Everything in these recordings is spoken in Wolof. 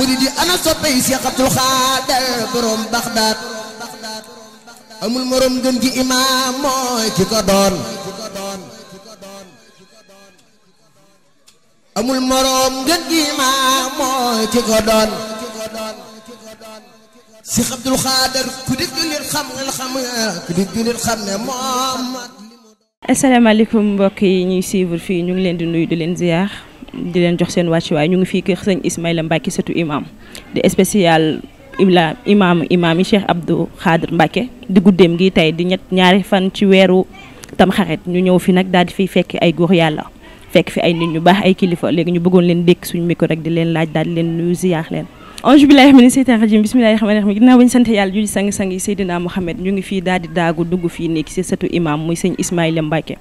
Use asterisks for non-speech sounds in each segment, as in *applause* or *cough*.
murid yi ana soppey Seex Abdul Xaadir borom Baxdaad amul morom gën gi imaam mooy ki ko doon amul morom gën di di jullit xam ne moom. asalaamaaleykum mbokk yi ñuy suivre fii ñu ngi leen di nuyu di leen ziar. di leen jox seen waaye ñu ngi fii kër sëñ Ismaïla Mbacke sëtu imam di spécial ila imam imam yi Cheikh Abdou Khadir Mbacke di guddeem gi tey di ñett ñaari fan ci weeru tam xarit ñu ñëw fi nag daal di fiy fekk ay góor yàlla fekk fi ay nit ñu baax ay kilifa léegi ñu bëggoon leen dékk suñu micro rek di leen laaj daal di leen nuyu ziyaar leen ange billahi mina seytaan rajim bismillahi rahmaani rahim ginnaaw bañ sant yàlla julli sang sang yi Seydina Mouhamed ñu ngi fii daal di dugg fii nekk si sëtu imam muy sëñ Ismaïla Mbacke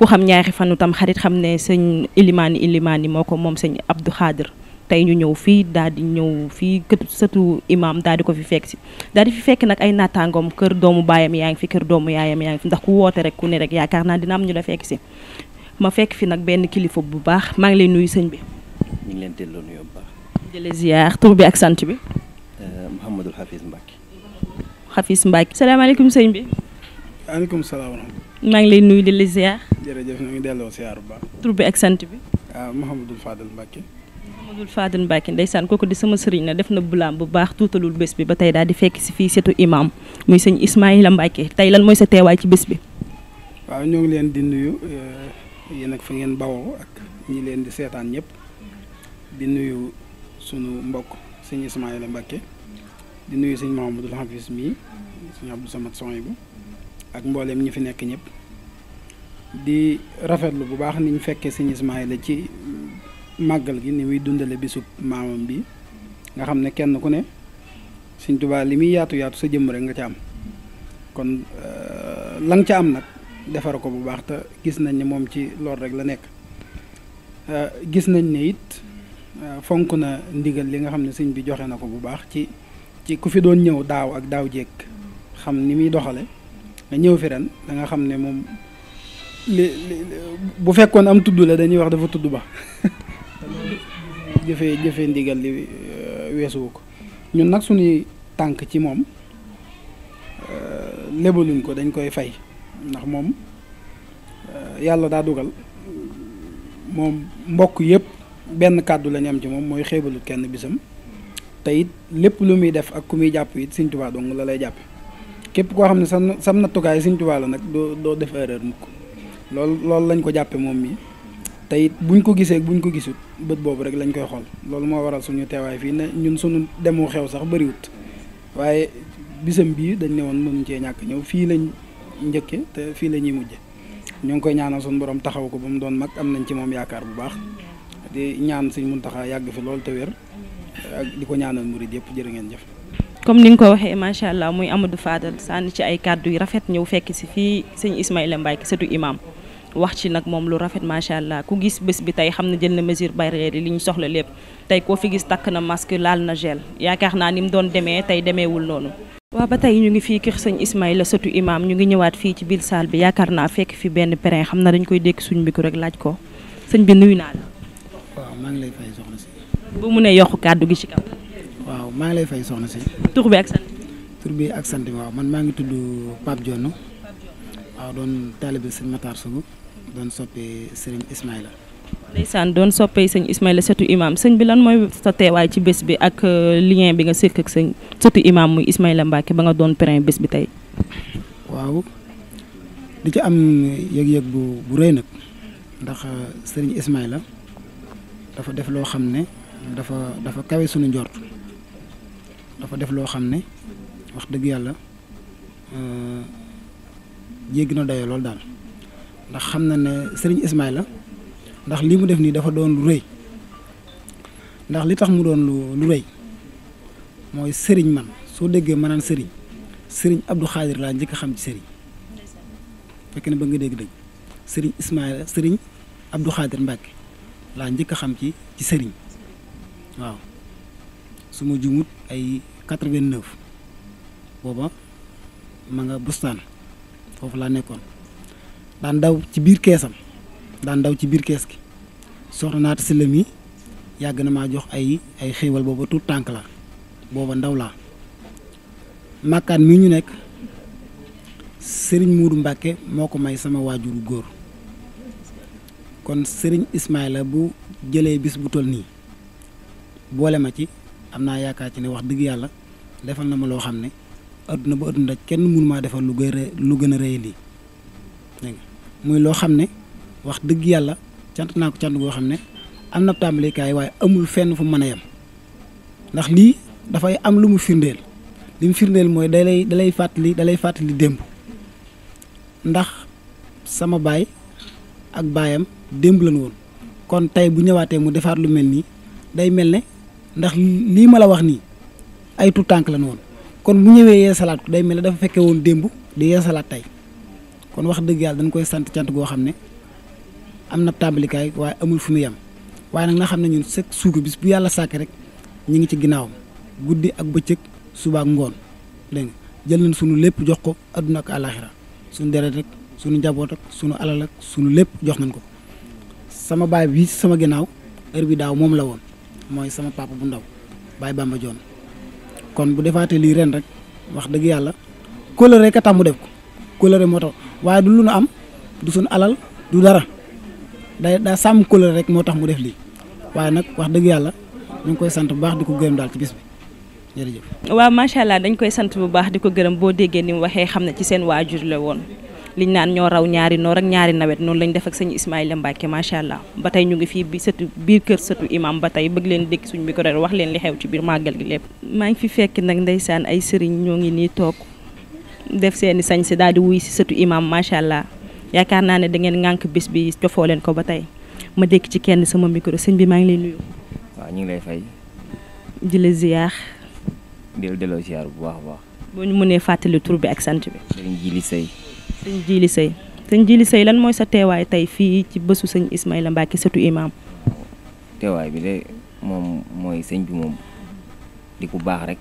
ku xam ñaari fanu tam xarit xam ne sëñ Ilimani Ilimani moo ko moom sëñ Abdou Khadir tey ñu ñëw fii daal di ñëw fii kër sëtu imaam daal di ko fi fekk si daal di fi fekk nag ay nattaangoom kër doomu baayam yaa ngi fi kër doomu yaayam yaa ngi fi ndax ku woote rek ku ne rek yaakaar naa dina am ñu la fekk si ma fekk fi nag benn kilifa bu baax maa ngi lay nuyu sëñ bi. ñu ngi leen di delloo nuyu bu baax. jële bi ak sant bi. Euh, Mouhamadul Hafiz Mbacke. Hafiz Mbacke. salaamaaleykum sëñ bi. waaleykum salaam. maa ngi lay nuyu di la jërëjëf delloo ziar bu baax. tur ak sant bi. ah Mouhamadul Fadel Mbacke. Mouhamadul Fadel Mbacke ndeysaan kooku di sama sëriñ na def na bulaam bu baax tuutalul bés bi ba tey daal di fekk si fii setu imam muy sëñ Ismaïla Mbacke tey lan mooy sa teewaay ci bés bi. waaw ñoo ngi leen di nuyu eh, yéen ak fa ngeen bawoo ak ñi leen di seetaan ñëpp di nuyu suñu mbokk sëñ Ismaïla Mbacke di nuyu sëñ Mouhamadul Hafiz mii sëñ Abdou Samad Soyibu ak mboolem ñi fi nekk ñëpp. di rafetlu bu baax niñ fekkee sëñ la ci màggal gi ni muy dundale bisub maamam bi nga xam ne kenn ku ne sëñ Tuubaa li muy yaatu yaatu sa jëmm rek nga ca am kon euh, la nga ca am nag defar ko bu baax te gis nañ ne moom ci loolu rek la nekk euh, gis nañ ne it euh, fonk na ndigal li nga xam ne sëñ bi joxe na ko bu baax ci ci ku fi doon ñëw daaw ak daaw jékk xam ni muy doxale nga ñëw fi ren da xam ne moom li bu fekkoon am tudd la dañuy wax dafa tudd ba jëfe jëfe ndigal li euh, weesuwu ko ñun nag suñuy tànk ci moom euh, lebaluñ ko dañ koy fay ndax moom euh, yàlla daa dugal moom mbokk yëpp benn kàddu lañu am ci moom mooy xeebalut kenn bisam te it lépp lu muy def ak ku muy jàpp it Sëñ Tuubaa la lay jàpp képp koo xam ne sam sam nattukaay Sëñ Tuubaa nag doo doo def erreur mukk lool loolu lañ ko jàppe moom mi te buñ ko gisee buñ ko gisut bët boobu rek lañ koy xool loolu moo waral suñu teewaay fii ne ñun suñu demu xew sax bëriwut waaye bisam bii dañ ne woon mënuñ cee ñàkk ñëw fii lañ njëkke te fii la ñuy mujje ñoo ngi koy ñaanal suñu borom taxaw ko ba mu doon mag am nañ ci moom yaakaar bu baax di ñaan suñ mun taxaw yàgg fi loolu te wér ak di ko ñaanal murid yëpp jërë ngeen jëf comme ni ñu ko waxee macha allah muy Amadou Fadal sànni ci ay rafet ñëw fekk si fii sëñ Ismaïla Mbaye ki sëtu imam wax ci nag moom lu rafet macha allah ku gis bés bi tey xam na jël na mesure barrière yi li ñu soxla lépp tey koo fi gis takk na masque laal na gel yaakaar naa ni mu doon demee tey demeewul noonu. waa ba tey ñu ngi fii kër sëñ la sëtu imaam ñu ngi ñëwaat fii ci biir saal bi yaakaar naa fekk fi benn parrain xam na dañ koy dékk suñ bi ko rek laaj ko sëñ bi nuyu naa la. ngi lay fay soxna si. bu mu ne yokk kàddu gi ci kaw. waaw maa ngi lay fay soxna si. tur bi ak sant. waaw man maa ngi tudd Pape Dione waaw doon taalibe doon soppee sëriñ la ndeysaan doon soppee sëñ Ismaïla sëtu imam sëñ bi lan mooy sa waaye ci bés bi ak euh, lien bi nga sëkk ak sëñ sëtu imam muy Ismaïla Mbacke ba nga doon parrain bés bi tey. waaw di ci am yëg-yëg bu bu rëy nag ndax euh, sëriñ Ismaïla dafa def loo xam ne dafa dafa kawe suñu njort dafa def loo xam ne wax dëgg yàlla euh, jéggi na dayoo lool daal. ndax xam na ne sëriñ la ndax lii mu def nii dafa doon lu rëy ndax li tax mu doon lu lu rëy mooy sëriñ man soo déggee ma naan sëriñ sëriñ Abdou Khadir laa njëkk a xam ci sëriñ fekk na ba nga dégg dëgg sëriñ Ismaïla sëriñ Abdou Khadir Mbacke laa njëkk a xam ci ci sëriñ waaw su ma jumut ay 89 booba ma nga bustaan foofu laa nekkoon. daan daw ci biir keesam daan daw ci biir kees gi soxna naata si la mi yàgg na maa jox ay ay xéewal booba tuut tànk la booba ndaw laa màkkaan mi ñu nekk sëriñ Muudu Mbàkke moo ko may sama waajuru góor kon sëriñ Ismaila bu jëlee bis bu toll nii boole ma ci am naa yaakaar ci ne wax dëgg yàlla defal na ma loo xam ne adduna ba adduna kenn mënu maa defal lu gën a lu gën a rëy lii muy loo xam ne wax dëgg yàlla cant naa ko cant goo xam ne am na tàmbalikaay waaye amul fenn fu mën a yem ndax lii dafay am lu mu firndeel li mu firndeel mooy da lay da lay fàttali da lay fàttali démb ndax sama baay ak baayam démb lañu woon kon tey bu ñëwaatee mu defaat lu mel nii day mel ne ndax lii ma la wax nii ay tuut tànk lañu woon kon bu ñëwee yeesalaat ko day mel ne dafa fekke woon démb di salaat tey kon wax dëgg yàlla dañ koy sant cant goo xam ne am na tàmbalikaay waaye amul fu mu yam waaye nag na xam ne ñun sëkk suuka bis bu yàlla sàkk rek ñu ngi ci ginnaawam guddi ak bëccëg suba ak ngoon dégg nga jël nañ sunu lépp jox ko adduna ak àllaaxira sunu deret rek sunu njaboot ak sunu alal ak sunu lépp jox nañ ko sama baay bi sama ginnaaw heure bi daaw moom la woon mooy sama papa bu ndaw baay Bamba Joon kon bu defaatee lii ren rek wax dëgg yàlla kóllëre ka def ko kóllëre moo waaye du lu nu am du suñu alal du dara day daa sàmm couleur rek moo tax mu def lii waaye nag wax dëgg yàlla ñu ngi koy sant bu baax di ko gërëm daal ci bis bi jërëjëf. dañ koy sant bu baax di ko gërëm boo déggee ni mu waxee xam ne ci seen waajur la woon liñ naan ñoo raw ñaari noor ak ñaari nawet noonu lañu def ak sëñ Ismaïla Mbacke macha allah ba tey ñu ngi fii bi sëtu biir kër sëtu imam ba tey bëgg leen dégg suñu micro wax leen li xew ci biir màggal gi lépp. maa ngi fi fekk nag ndeysaan ay sëriñ ñoo ngi nii toog def seeni sañ si daal di wuy si sëtu imam macha allah yaakaar naa ne dangeen ngeen bis bi cofoo leen ko ba tey ma dékk ci kenn sama micro sëñ bi maa ngi lay nuyu. waaw ñu ngi lay fay. di la ziar. di la bu baax mënee fàttali tur ak sant bi. sëñ Jili Sey. sëñ Jili sëy sëñ Jili Sey lan mooy sa teewaay tey fii ci bësu sëñ Ismaïla Mbacke sëtu imam. teewaay bi de moom mooy sëñ bi moom di ku baax rek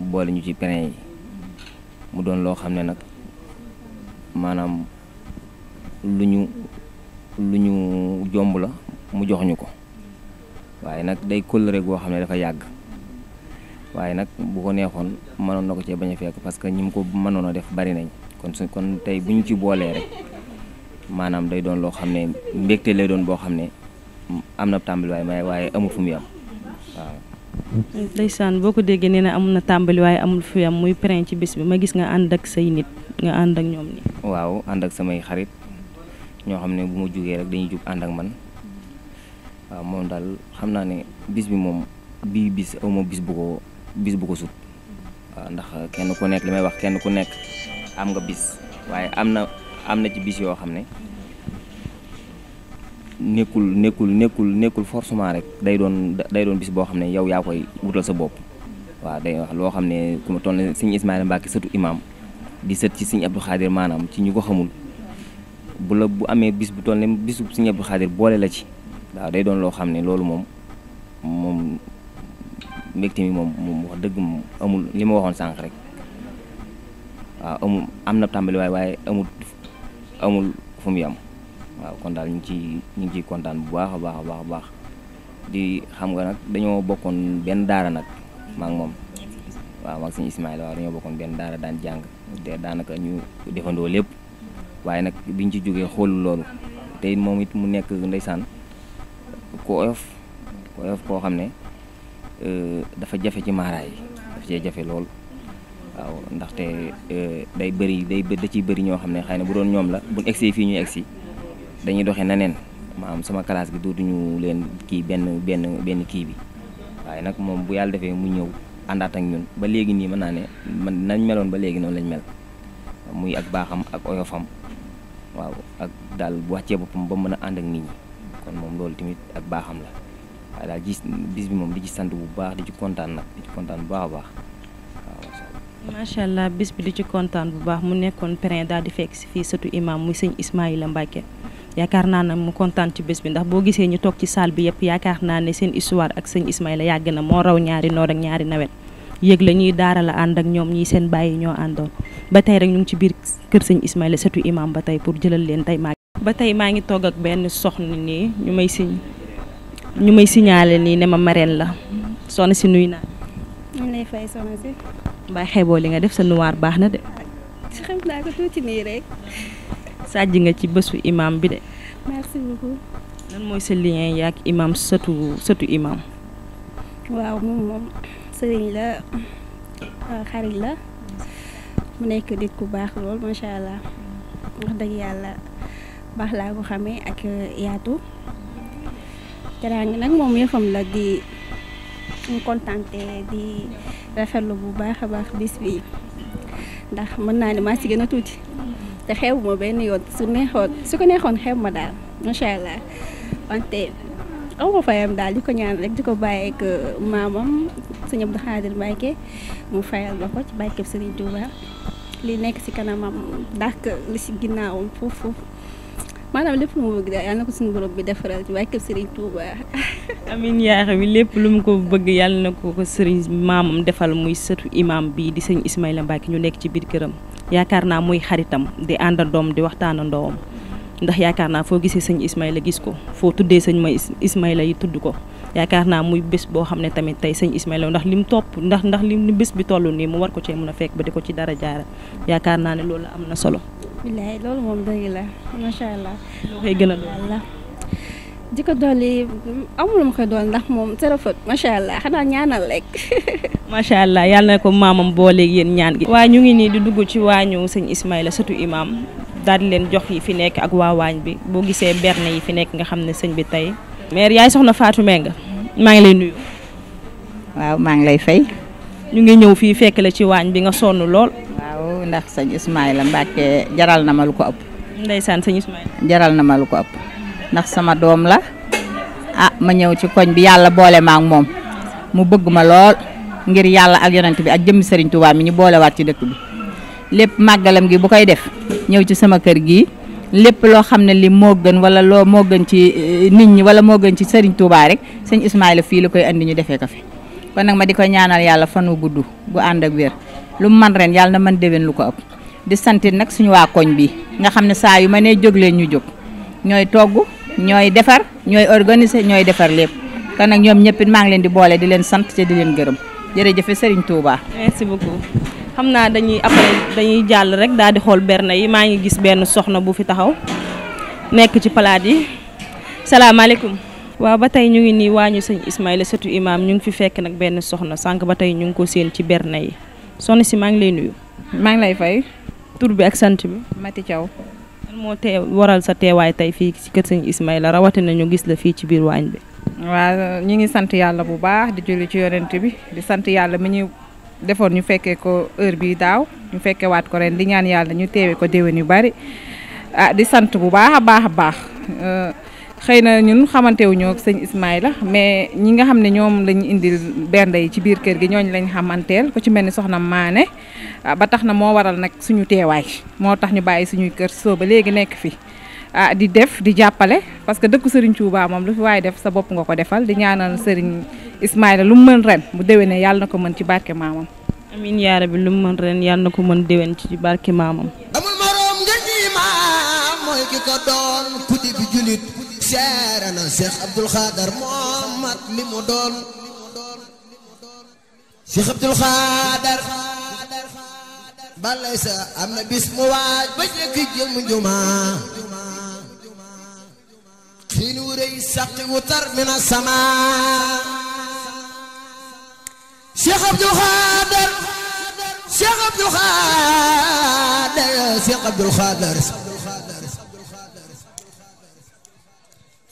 boole ñu ci perin yi. mu doon loo xam ne nag maanaam lu ñu lu ñu jomb la mu jox ñu ko waaye nag day kóllëre goo xam ne dafa yàgg waaye nag bu ko neexoon mënoon na ko cee bañ a fekk parce que ñi mu ko mënoon a def bari nañ kon su kon tey bu ñu ci boolee rek maanaam day doon loo xam ne mbégte lay doon boo xam ne am na tàmbali waaye waaye amul fu mu yem waaw. ndeysaan boo ko déggee nee na amul na tàmbali waaye amul fu yam muy prin ci bis bi ma gis nga ànd ak say nit nga ànd ak ñoom ni waaw ànd ak samay xarit ñoo xam ne bu ma jógee rek dañuy jub ànd ak man waaw moom daal xam naa ne bis bi moom bii bis awma bis bu ko bis bu ko sut waaw ndax kenn ku nekk li may wax kenn ku nekk am nga bis waaye am na am na ci bis yoo xam ne nekkul nekkul nekkul nekkul forcément rek day doon day doon bis boo xam ne yow yaa koy wutal sa bopp waaw day wax loo xam ne ku ma toll ne sëñ Ismaïla Mbacke sëtu imaam di sët ci sëñ Abdou Khadir maanaam ci ñu ko xamul bu la bu amee bis bu toll ne bisu sëñ Abdou Khadir boole la ci waaw day doon loo xam ne loolu moom moom mbégte mi moom moom wax dëgg moom amul li ma waxoon sànq rek waaw amul am na tàmbali waaye waaye amul amul fu mu yem waaw kon daal ñu ci ñu ngi ciy kontaan bu baax a baax a baax di xam nga nag dañoo bokkoon benn daara nag maa moom waaw maag suñu Ismaïla waaw dañoo bokkoon benn daara daan jàng te daanaka ñu defandoo lépp waaye nag biñ ci jógee xoolu loolu te moom it mu nekk ndeysaan ku oyof ku oyof koo xam ne euh, dafa jafe ci maaraay yi dafa cee jafe lool waaw ndaxte euh, day bari day da ciy bëri ñoo xam ne xëy na bu doon ñoom la buñ egsi fii ñu egsi dañuy doxee neneen maanaam sama classe bi dootuñu leen kii benn benn benn kii bi waaye nag moom bu yàlla defee mu ñëw àndaat ñun ba léegi nii mën naa ne man nañ meloon ba léegi noonu lañ mel muy ak baaxam ak oyofam waaw ak daal wàccee boppam ba mën a ànd ak nit ñi kon moom loolu tamit ak baaxam la waaye daal gis bis bi moom di ci sant bu baax di ci kontaan nag di ci kontaan bu baax a baax waaw. allah bis bi di ci kontaan bu baax mu nekkoon parrain daal di si fii sëtu imaam muy sëñ Ismaïla Mbacke. yaakaar naa ne mu kontaan ci bés bi ndax boo gisee ñu toog ci salle bi yëpp yaakaar naa ne seen histoire ak sëñ Ismaïla yàgg na moo raw ñaari noor ak ñaari nawet yéeg la ñuy daara la ànd ak ñoom ñii seen bàyyi ñoo àndoon ba tey rek ñu ngi ci biir kër sëñ Ismaïla setu imam ba tey pour jëlal leen tey maa ba tey maa ngi toog ak benn soxna nii ñu may si ñu may signalé nii ne ma marraine la soxna si nuy naa ñu lay fay soxna si mbaa xeeboo li nga def sa noir baax na de xam sàjj nga ci bésu imaam bi de. merci beaucoup. lan mooy sa lien yaak imaam satu satu imam. waaw moom moom sëriñ la xarit la mu nekk di ku baax lool macha allah wax dëgg yàlla baax laa ko xamee ak yaatu. teraanga nag moom yëfam la di mu kontante di rafetlu bu baax a baax bis bi ndax mën naa ne maa si gën a tuuti. te xew ma benn yoon su neexoon su ko neexoon xew ma daal macha allah wante aw ma daal di ko ñaan rek di ko bàyyeeg uh, maamam sëñ Abdou Khadir Mbacke mu fayal ma ko ci barkeb Serigne Touba li nekk si kanamam dàq li si ginnaawam foofu maanaam lépp ko suñu borom bi defaral ci barkeb Serigne Touba. *laughs* amin yaa bi lépp lu mu ko bëgg yàlla na ko ko Serigne maamam defal muy sëtu imam bi di sëñ Ismaïla Mbacke ñu nekk ci biir këram. yaakaar naa muy xaritam di àndandoom di ndoom ndax yaakaar naa foo gisee sëñ la gis ko foo tuddee sëñ ma la yi tudd ko yaakaar naa muy bés boo xam ne tamit tey sëñ la ndax lim topp ndax ndax lim bés bi toll nii mu war ko ci mën a fekk ba di ko ci dara jaara yaakaar naa ne loolu am na solo. bilaay loolu moom dëgg la macha allah. loo koy gën a di ko dolli amul ma koy dolli ndax moom c'est rafet macha allah xanaa ñaanal rek. *laughs* macha allah yàlla na ko maamam boole yéen ñaan gi. waaye ñu ngi nii di dugg ci waañu sëñ Ismaïla sëtu imaam daal di leen jox yi fi nekk ak waa waañ bi boo gisee berne yi fi nekk nga xam ne sëñ bi tey. mère yaay soxna Fatou Mbengue maa ngi lay nuyu. waaw maa ngi lay fay. ñu ngi ñëw fii fekk la ci waañ bi nga sonn lool. waaw ndax sëñ Ismaïla Mbacke jaral na ma lu ko ëpp. ndeysaan sëñ jaral na ma ko ëpp. ndax sama doom la ah ma ñëw ci koñ bi yàlla boole ma ak moom mu bëgg ma lool ngir yàlla ak yonent bi ak jëmm sëriñ Touba mi ñu boolewaat ci dëkk bi lépp màggalam gi bu koy def ñëw ci sama kër gi lépp loo xam ne li moo gën wala loo moo gën ci eh, nit ñi wala moo gën ci Serigne Touba sëñ Ismaïla fii la koy andi ñu defee ko kon nag ma di ko ñaanal yàlla fan gudd gu ànd ak wér lu man ren yàlla na man déwén ko di santit nag suñu waa koñ bi nga xam ne saa yu ma nee jóg ñu jóg ñooy togg ñooy defar ñooy organiser ñooy defar lépp kon nag ñoom ñëpp maa ngi leen di boole di leen sant te di leen gërëm jërëjëf Serigne Touba. merci beaucoup xam naa dañuy après dañuy jàll rek daal di xool berna yi maa ngi gis benn soxna bu fi taxaw nekk ci palaat yi salaamaaleykum. waaw ba tey ñu ngi nii waañu sëñ Ismaïla sëtu imaam ñu ngi fi fekk nag benn soxna sànq ba tey ñu ngi ko séen ci berna yi soxna si maa ngi lay nuyu. maa ngi lay fay. tur bi ak sant bi. Mati Thiaw. lan moo tee waral sa teewaay tey fii ci kër sëñ Ismaïla rawatina ñu gis la fii ci biir waañ bi. waa ñu ngi sant yàlla bu baax di julli ci yonent bi di sant yàlla mi ñu defoon ñu fekkee ko heure bi daaw ñu fekkee waat ko ren di ñaan yàlla ñu teewee ko déwén yu bari ah di sant bu baax a baax a baax. Euh, xëy na ñun xamante wuñoo ak sëñ Ismaïla mais ñi nga xam ne ñoom lañ indi bernde yi ci biir kër gi ñooñu lañ xamanteel ko ci mel ni soxna Maane ah, ba tax na moo waral nag suñu teewaay moo tax ñu bàyyi suñuy kër soo ba léegi nekk fi ah di def di jàppale parce que dëkku Serigne Touba moom lu fi waaye def sa bopp nga ko defal di ñaanal Serigne Ismaïla lu mu mën ren bu déwénee yàlla na ko mën ci barke maamam. amiin yaa rabbi lu mu mën ren yàlla na ko mën déwén ci barke maamam. amul maam seere na Cheikh Abdoul Khader moom mat li mu doon Cheikh Abdoul Khader balay sa am na bis mu waaj ba njëkk jëm juma xiin wu rëy saqi wu tar min sama Cheikh Abdoul Khader Cheikh Abdoul Khader Cheikh Abdoul Khader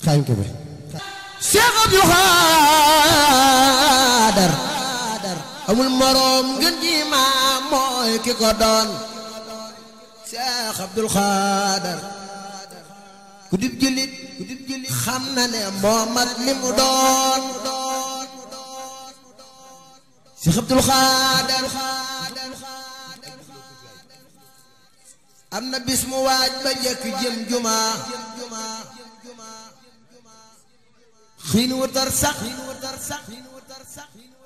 kañ ko bi Cheikh Abdou Khadar amul moroom ngeen ji maam mooy ki ko doon Cheikh Abdou Khadar ku dib jëlit ku dib jëlit xam na ne moo mat li mu doon Cheikh Abdou Khadar am na bis mu waaj ba njëkk jëm jumaa حين وترسخ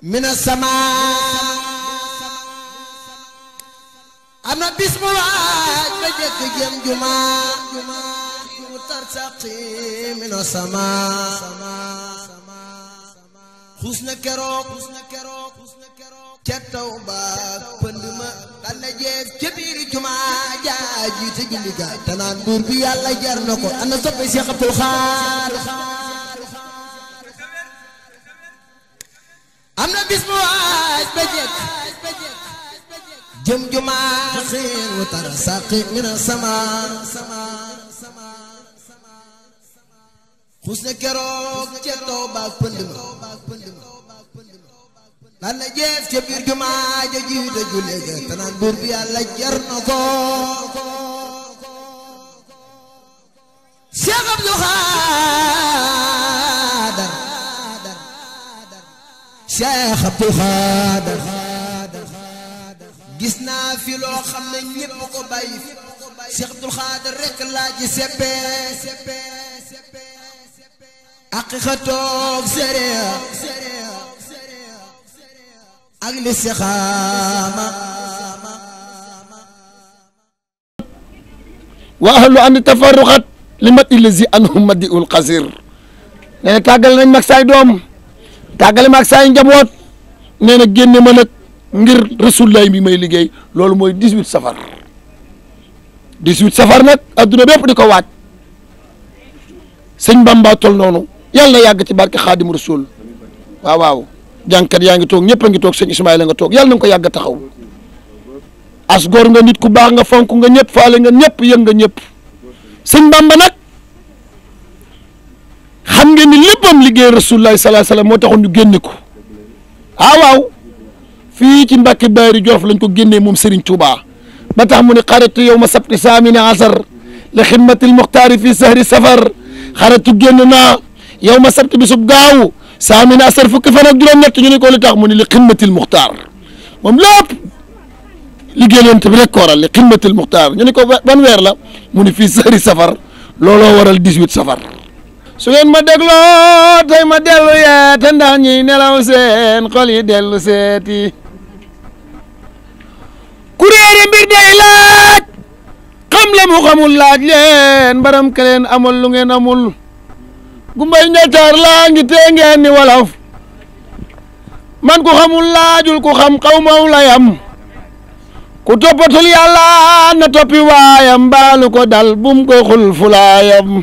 من السماء أنا بسم الله بجك جم جمعة وترسخ من السماء حسن كروك حسن كروك حسن كروك كتاو باك بندما الله جيس كبير جمعة جاجي تجلقا تنان بور بي الله جرنكو أنا صبي شيخ أبو الخار am na bis bu waaj ba jekk jëm jumaa xiin wu tara saqi mina sama xus na keroog ca taw baag pënd ma lan la jeef ca biir jumaa ja jiite julle ga tanaan buur bi yàlla jar na ko Cheikh Abdou Khadre Cheikh Abdou Khadr gis naa fi loo xam ne ñépp ko bàyyi Cheikh Abdou Khadr rek laa ji seppe aqiqatoog sereer ak li sexaama wa ahlu an tafarruqat li mat illazi anhum madiul qasir nee na tàggal nañ mag saay doom tàggale ma ak saa yu njaboot nee na génne ma nag ngir rasulullah bi may liggéey loolu mooy dix huit safar dix huit safar nag adduna bépp di ko waat sëñ Bamba tol noonu yàlla na yàgg ci barke xaadim rasul waaw waaw jànkat yaa ngi toog ñëpp a ngi toog sëñ Ismaïla nga toog yàlla na nga ko yàgg taxaw as góor nga nit ku baax nga fonk nga ñëpp faale nga ñëpp yëng nga ñëpp sëñ Bamba nag xam ngeen ni léppam liggéey rasulullah sallallahu alayhi wasallam moo taxoon ñu génne ko ah fi fii ci Mbàkke Baari Jolof lañ ko génnee moom Serigne Touba ba tax mu ne xaratu yow ma sabti saamini asar li xidmatil muxtaari fii sahri safar xaratu génn naa yow ma sabti bisub gaaw saamini asar fukki fan ak juróom-ñett ñu ne ko li tax mu ne li xidmatil muxtaar moom lépp liggéey leen bi rek ko waral li xidmatil muxtaar ñu ne ko ban weer la mu ne fii sahri safar looloo waral 18 su ngeen ma dégloo tey ma dellu yeete ndax ñiy nelaw seen xol yi dellu seeti kuréeri mbir laaj xam la mu laaj leen baram ke amul lu ngeen amul gumbay ñacaar laa ngi tee ngeen ni wolof man ku xamul laajul ku xam xaw maw layam ku toppatul yàlla na toppi waayam baalu ko dal bum ko xul fulaayam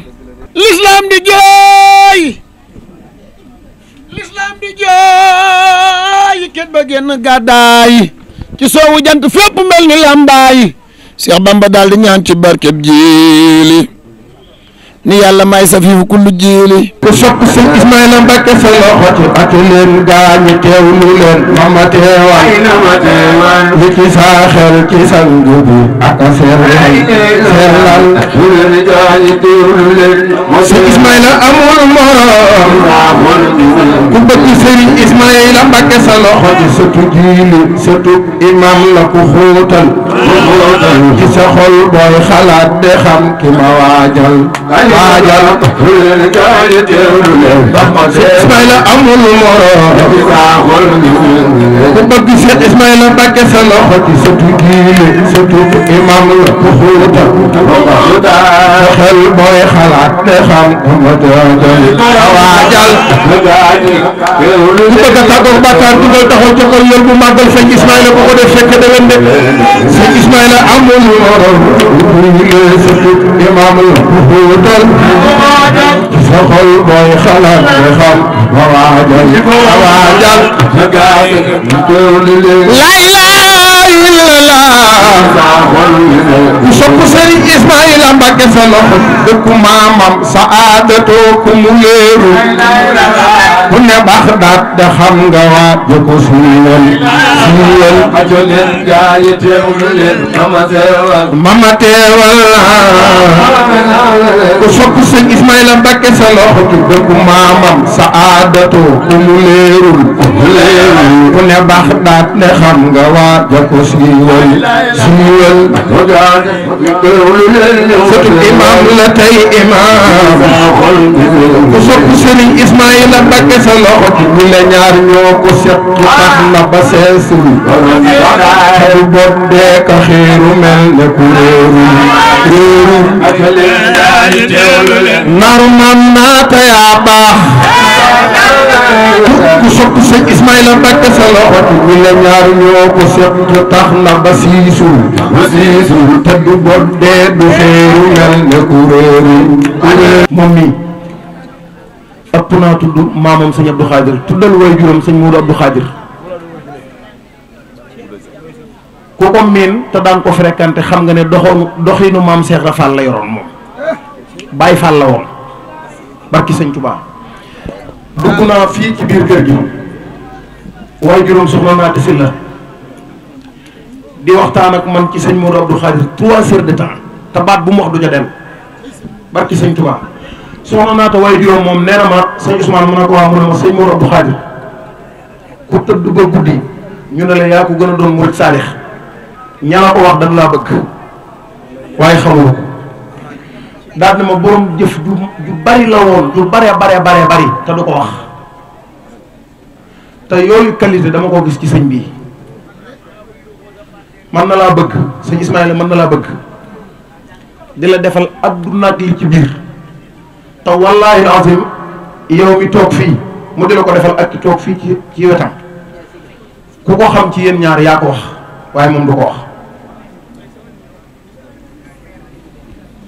lislaam di jooy lislaam di jooy kenn ba génn ci soowu jant fépp mel ni làmbaay Seex Bamba daal di ñaan ci barkeb jiili ni yàlla may saf yi kullu jéeli te sopp sëñ Ismaïla Mbacke sa loxo ci atu leen gaañi teewlu leen mama teewaan li ci saa xel ak a seerlal seerlal sëñ Ismaïla amul morom ku bëgg sëriñ Ismaïla Mbacke sa loxo ci sëtu jiili sëtu imam la ku xóotal ci sa booy xalaat de xam ki ma waajal ajal wul kaani teewlu leen Ismaïla amul moroom ku bëgg Seex Ismaïla Mbàkke sa loxo ci sëtu diine sëtu imam la ku xuuta xel booy xalaat te xam ma doy waajal ku bëgg a tàggoog bàkkaar dugal taxaw ca ko yël bu màggal sëñ Ismaïla bu ko def fekk dewen de sëñ Ismaïla amul moroom ku xuuta sëtu imam la ku xuutal soxol mooy xalaat nga xam waajal waajal ku sopp Sëriñ Ismaïla Mbàkke sa loxo dëkku maamam sa aadatoo ku mu leeru ku ne baax daat de xam nga waa joko suulal suulal ajo leen gaa yi teewlu leen mama teewal mama teewal ku sopp Sëriñ Ismaïla Mbàkke sa loxo dëkku maamam sa aadatoo ku mu leerul ku ne baax daat de xam nga waa joko تسليما سليما وجعل فتو امام لتي امام وسوك سيرين اسماعيل مبكي سا لوخو دي لا ñaar ñoko set tax na ba sensul bu bodde ka xéru mel ne ku réeru réeru naru mam na ta ya baax ku ñaar ñoo ko sopp tax na ba siisu ba siisu te du boddee du moom mi ëpp naa tudd maamam sëñ Abdou Khadir tuddal way juróom sëñ Mourou Abdou Khadir ku ko miin te daan ko fréquenté xam nga ne doxoon doxinu maam Cheikh Rafal la yoroon moom Baye Fall la woon barki sëñ Touba dugg naa fii ci biir kër gi waaye juróom soxna naa te la di waxtaan ak man ci sëñ Modou Abdou Khadir trois heures de temps te baat bu mu wax du ca dem barki sëñ Touba soxna naa te waaye juróom moom nee na ma sëñ Ousmane mu ne ko waa mu ne ma sëñ Modou Abdou Khadir ku tëdd ba guddi ñu ne la yaa ko gën a doon murid saalix ña la ko wax dañ laa bëgg waaye xamoo daal na ma borom jëf ju ju bari la woon ju bare bare bari te du ko wax te yooyu qualité dama ko gis ci sëñ bi mën na laa bëgg sëñ Ismaïla mën na laa bëgg di la defal àdduna ak li ci biir te wallaahi azim yow mi toog fii mu di la ko defal ak ci toog fii ci ci wetam ku ko xam ci yéen ñaar yaa ko wax waaye moom du ko wax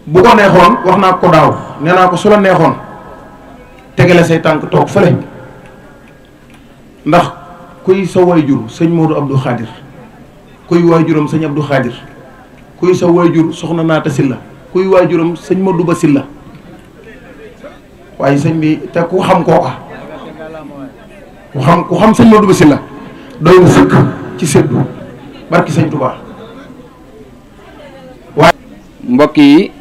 bu ko neexoon wax naa ko daaw nee naa ko su la neexoon tegale say tànk toog fële ndax kuy sa waajur sëñ Modou Abdou Khadir kuy waajuram sëñ Abdou kuy sa waajur soxna naata Silla kuy waajuram sëñ Modou Ba Silla waaye sëñ bi te ku xam kooka ku xam ku xam sëñ Modou Ba Silla doy na sëkk ci séddu barki sëñ Touba waaye mbokk yi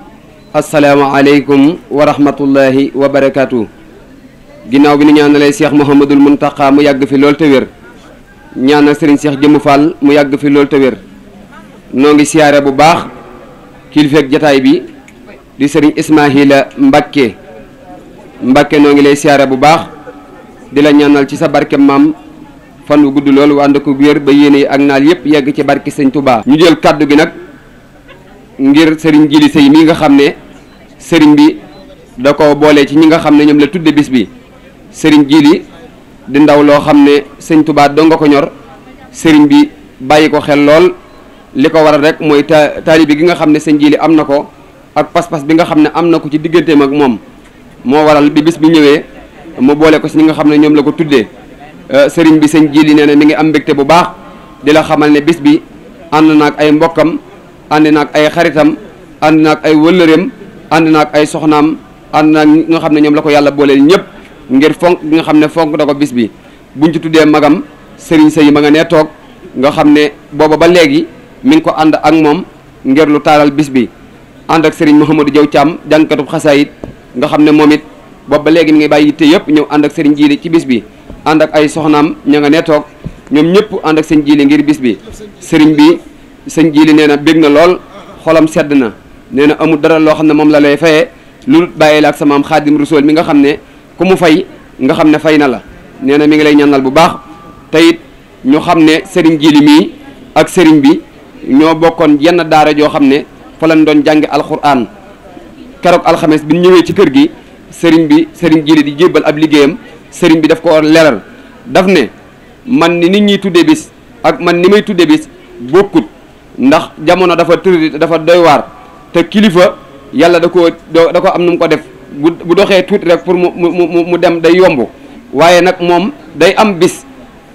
asalaamaaleykum wa rahmatullahi wa barakaatu. ginnaaw bi ni ñaanalee seex Mouhamadul Muntaqa mu yàgg fi loolu te wér ñaanal sëriñ seex jëmu mu yàgg fi loolu te noo ngi siyaare bu baax kilifeeg jataay bi di sëriñ Ismaahila Mbacke Mbacke noo ngi lay siyaare bu baax di la ñaanal ci sa barke maam. fan wu gudd loolu ànd ko wér ba yéene ak naal yëpp yegg ci barki sëñ Touba. ñu jël kàddu gi nag ngir sëriñ Jili Sey mii nga xam ne sëriñ bi da ko boole ci ñi nga xam ne ñoom la tudde bis bi sëriñ Jili di ndaw loo xam ne sëñ tubaat doo nga ko ñor sëriñ bi bàyyi ko xel lool li ko waral rek mooy ta taalibe gi nga xam ne sëñ jii Jili am na ko ak pas-pas bi nga xam ne am na ko ci digganteem ak moom moo waral bi bis bi ñëwee mu boole ko ci ñi nga xam ne ñoom la ko tuddee euh, sëriñ bi sëñ jii Jili nee na mi ngi am mbégte bu baax di la xamal ne bis bi ànd na ay mbokkam ànd naag ay xaritam ànd naag ay wëllëreem ànd naag ay soxnaam ànd naag nga xam ne ñoom la ko yàlla booleel ñëpp ngir fonk nga xam ne fonk da ko bis bi buñ ci tuddee magam sëriñ sa yi ma nga nee toog nga xam ne booba ba léegi mi ngi ko ànd ak moom ngir lu taaral bis bi ànd ak sëriñ Mouhamadou Diaw Thiam jànkatub xasaayit nga xam ne moom it boobu ba léegi mi ngi bàyyi yitte yëpp ñëw ànd ak sëriñ jiili ci bis bi ànd ak ay soxnaam ña nga nee toog ñoom ñëpp ànd ak seen jiili ngir bis bi sëriñ bi sëñ jii li na bég na lool xolam sedd na nee na amul dara loo xam ne moom la lay fayee lu bàyyi la ak sa maam xaadim rasul mi nga xam ne ku mu fay nga xam ne fay na la nee na mi ngi lay ñaanal bu baax te it ñu xam ne sëriñ jili mii ak sëriñ bi ñoo bokkoon jenn daara joo xam ne fa lañ doon jànge alxuraan keroog alxames bi ñëwee ci kër gi sëriñ bi sëriñ jili di jébbal ab liggéeyam sëriñ bi daf ko war leral daf ne man ni nit ñi tuddee bis ak man ni may tuddee bis bokkut ndax jamono dafa tëri dafa doy waar te kilifa yàlla da koo da ko am nu mu ko def bu bu doxee tuuti rek pour mu mu mu dem day yomb waaye nag moom day am bis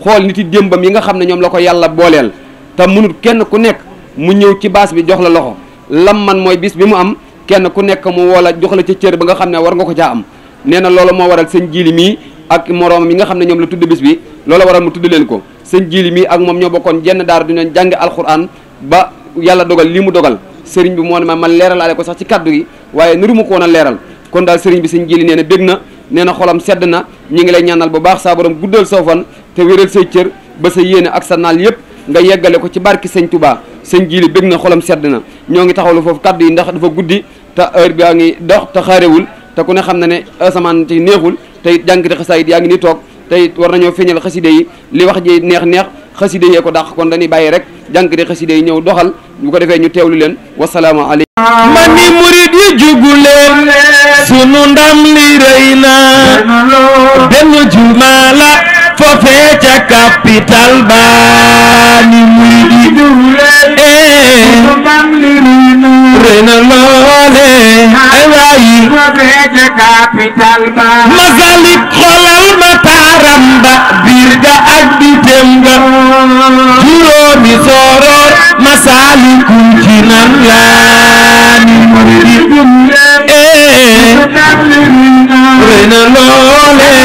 xool nit yi démbam yi nga xam ne ñoom la ko yàlla booleel te mënut kenn ku nekk mu ñëw ci baas bi jox la loxo lam man mooy bis bi mu am kenn ku nekk mu woo jox la ci cër ba nga xam ne war nga ko caa am nee na loolu moo waral sëñ jiili mii ak moroomam yi nga xam ne ñoom la tudd bis bi loolu waral mu tudd leen ko sëñ jiili mii ak moom ñoo bokkoon jenn daar du leen jànge alxuraan ba yàlla dogal lii mu dogal sëriñ bi moo ne ma man leeralaale ko sax ci kaddu gi waaye nuru mu ko woon a leeral kon daal sëriñ bi sëñ jili nee na bég na nee na xolam sedd na ñu ngi lay ñaanal bu baax saa borom guddal soo fan te wéral say cër ba sa yéene ak sa naal yëpp nga yeggale ko ci barki sëñ Touba sëñ jili bég na xolam sedd na ñoo ngi taxaw la foofu kaddu yi ndax dafa guddi te heure bi a ngi dox te xaarewul te ku ne xam na ne asamaan ci neexul tey it jànkite xasaayit yaa ngi ni toog te it war nañoo feeñal xaside yi li wax ji neex neex xaside yee ko dàq kon dañuy bàyyi rek jànkati xasida ñëw doxal bu ko defee ñu teewlu leen wasalaamu aleykum sunu ndam benn jumaa la capital ba ni murid yi jugu masalik xolal ma taaram ba biir mi sooroor masaalikul jinan laani muridin ee rëy na loole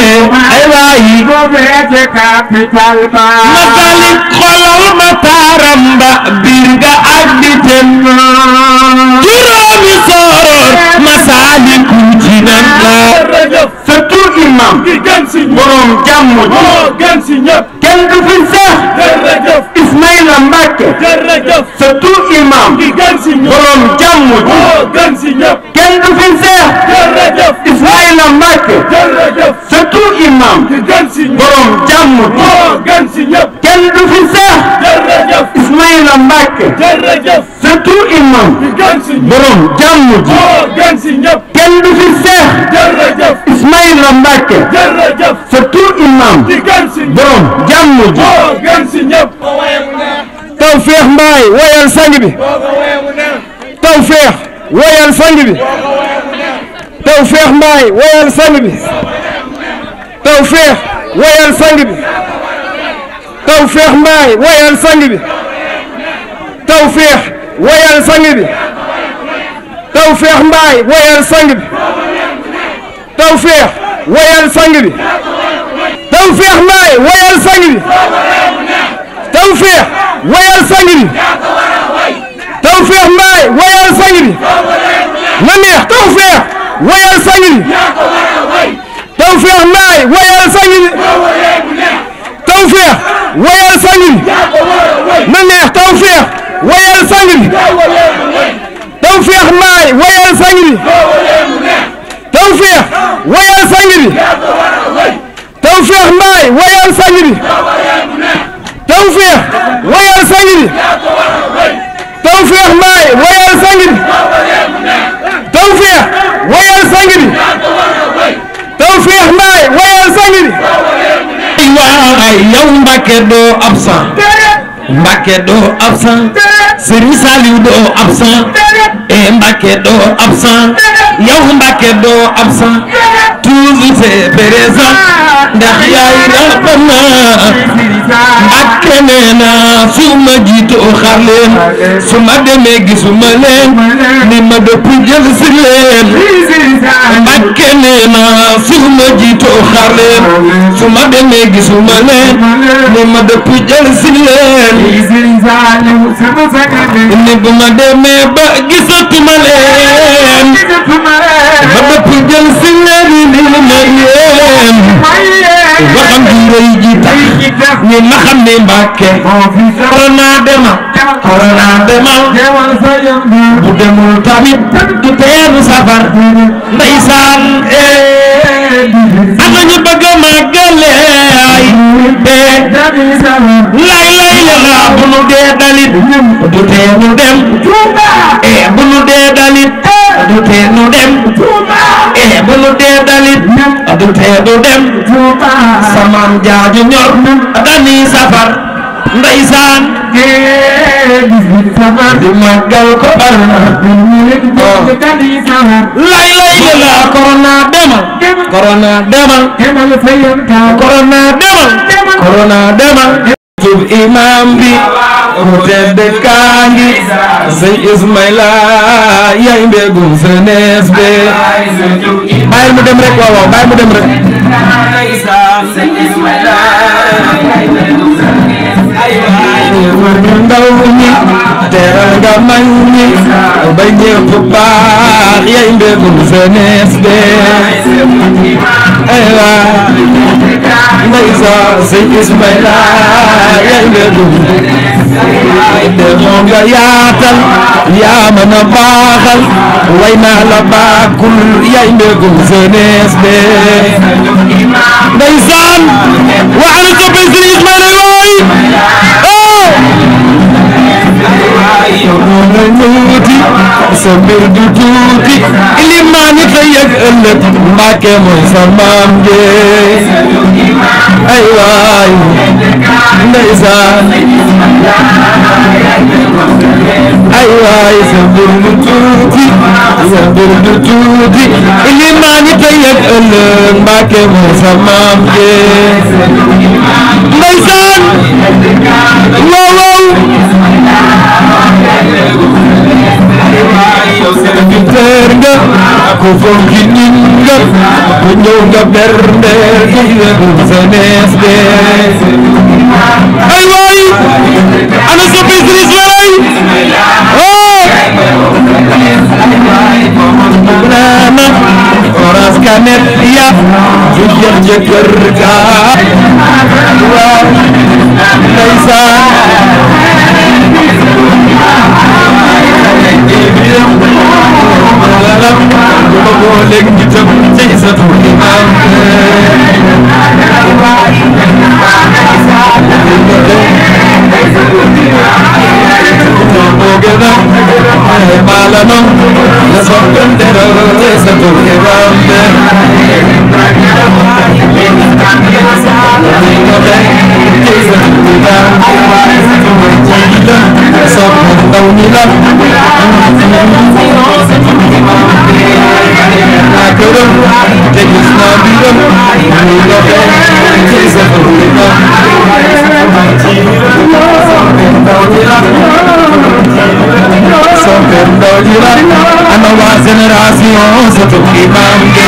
ay waayi masalik xolal ma taaram ba biir ga ak di ten juróomi sooroor masaalikul jinan la imam borom jàmm gën si ñëpp kenn du fi sax jërëjëf Ismaïla Mbacke jërëjëf surtout imam borom jàmm gën si ñëpp kenn du fi sax jërëjëf Ismaïla Mbacke jërëjëf surtout imam borom jàmm gën si ñëpp kenn du fi sax jërëjëf Ismaïla Mbacke jërëjëf sa tur imam borom jàmm ji kenn du fi seex Ismaïla Mbacke sa tur imam borom jàmm ji taw feex mbaay woyal sang bi taw feex woyal sang bi taw feex mbaay woyal sang bi taw feex woyal sang bi taw feex mbaay woyal sang bi taw feex woyal sang bi taw feex mbaay woyal sang bi taw feex woyal sang bi taw feex mbaay woyal sang bi taw feex woyal sang bi taw feex mbaay woyal sang bi na neex taw feex woyal sang bi taw feex mbaay woyal sang bi taw feex woyal sang bi na neex taw feex wayal sang bi tawfeex mbaay wayal sang bi tawfeex wayal sang bi tawfeex mbaay wayal sang bi tawfeex wayal sang bi tawfeex mbaay wayal sang bi tawfeex wayal sang bi tawfeex mbaay wayal sang bi waaw ay yow Mbàkke doo absent Mbàkke doo absent Serigne Saliou doo absent e eh, Mbàkke doo absent yow Mbàkke doo absent toujours c'est présent ndax yaay rafet na ak keneen su ma jiitoo xar leen su ma demee gisuma leen ni ma dëpp jël si leen ak keneen su ma jiitoo xar leen su ma demee gisuma leen ni ma dëpp jël si leen ni bu ma demee ba gisatuma leen ma dëpp jël si leen waxam ji rëy ji tax ñu na xam ne Mbàkke corona demal corona demal bu demul tamit du teeru safar ndeysaan eh. am na ñu bëgg a màggale ay bu nu dee dalit du tee nu dem eh bu nu dee dalit du tee nu dem eh bu nu dee dalit du tee nu dem sama jaaju ñor dani safar ndeysaan di màggal ko barna lay lay la corona demal corona demal corona demal corona demal jub imam bi mu tedd kaa ngi sëñ Ismaïla yaay mbégum senees be bàyyil mu dem rek waaw waaw bàyyil mu dem rek ma ne ndaw ñi teral nga mag ñi ba ñëpp baax yay mbégum jeunesse bi ay waay ndey sa si Ismaïla yay mbégum te moom nga yaatal yaa mën a baaxal way naa la bàkkul yay mbégum jeunesse bi ndeysaan waxal ko bay Sëriñ Ismaïla way soxna ñuuti sa mbir du mooy sa maam jee ay waay teer nga ku fonk nit nga ku ñëw nga berndeel ku yëngu sa nees dee ay waay ana soppe Serigne Walaay oh naana orange canette ya ju jeex jëkkër ga waaw ndeysaan dem alalam bu ko booleeg nitam ca isatu imaam Malanom, let's hope and get over this and do it around there. génération surtout imam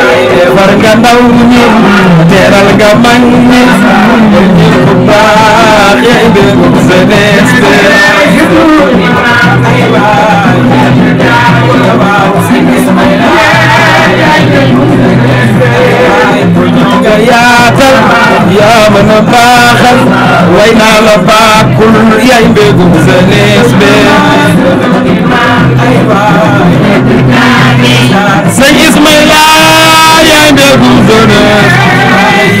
defar nga ndaw ñi teral nga mag ñi ñu bu baax yaay bégu jeunesse bi yaatal yaa mën a baaxal way naa la bàkkul yaay mbégum sa nees be sëñ Ismaïla yaay mbégum sa nees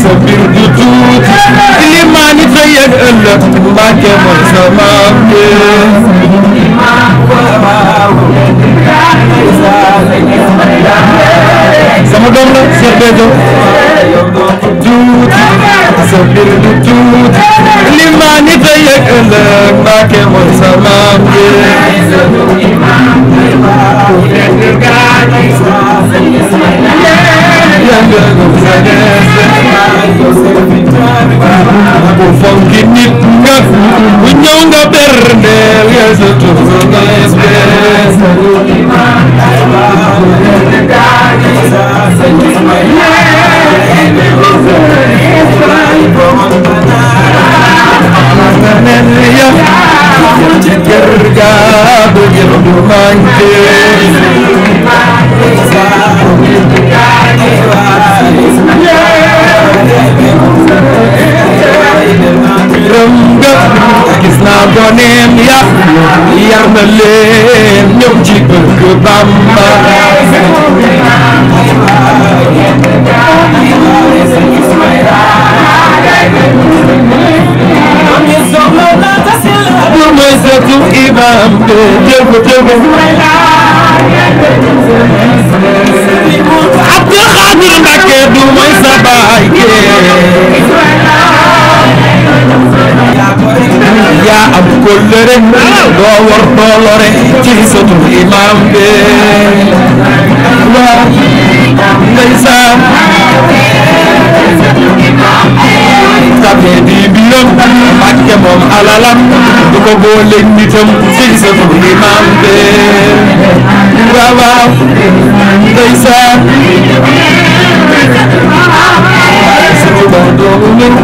sa mbir du tuuti limaani fa yëg ëllëg mbàkke mooy sa maam sama doom la Cheikh Béthio tuuti sa mbir du tuuti li maa ni tey ak ëllëg Mbàkke mooy sa maam bi Yeah. ku fonk nit nga ku ñëw nga bernde weesu tur ya yar na leen ñëw ci bëgg Bamba bu ma sëtu imam de jëgu jëgu Abdou Khadir Mbacké du may sa baay yaa am kóllëre doo war doo lore ci sëtu imaam bi waaw ndeysaan safee di biiram alalam du ko boole nitam ci sëtu imaam bi waaw waaw ndeysaan sëtu ba doomu nit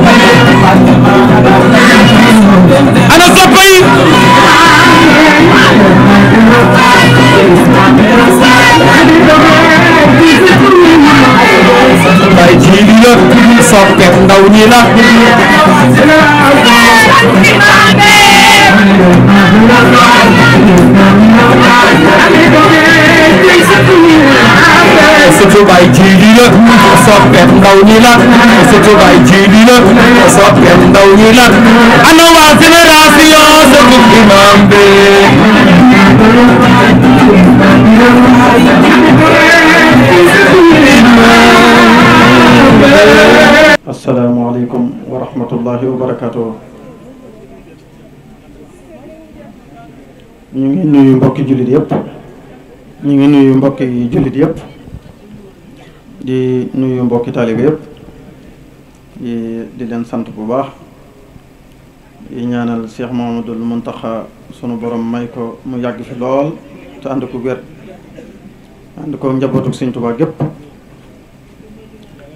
ana soppa yi bay jiili la soppe ndaw ñi la surtout bay jiili la soppe ndaw ñi la surtout bay jiili la soppe ndaw ñi la ana waa asalaamaaleykum wa rahmatullahi wa barakaatu. ñu ngi nuyu mbokki jullit yëpp ñu ngi nuyu mbokki jullit yépp di nuyu mbokki taalibe yëpp di di leen sant bu baax yi ñaanal Cheikh Mouhamadoul Mountakha sunu borom may ko mu yàgg fi lool te ànd ko wér ànd ko njabootu Sëñ Tuubaa gépp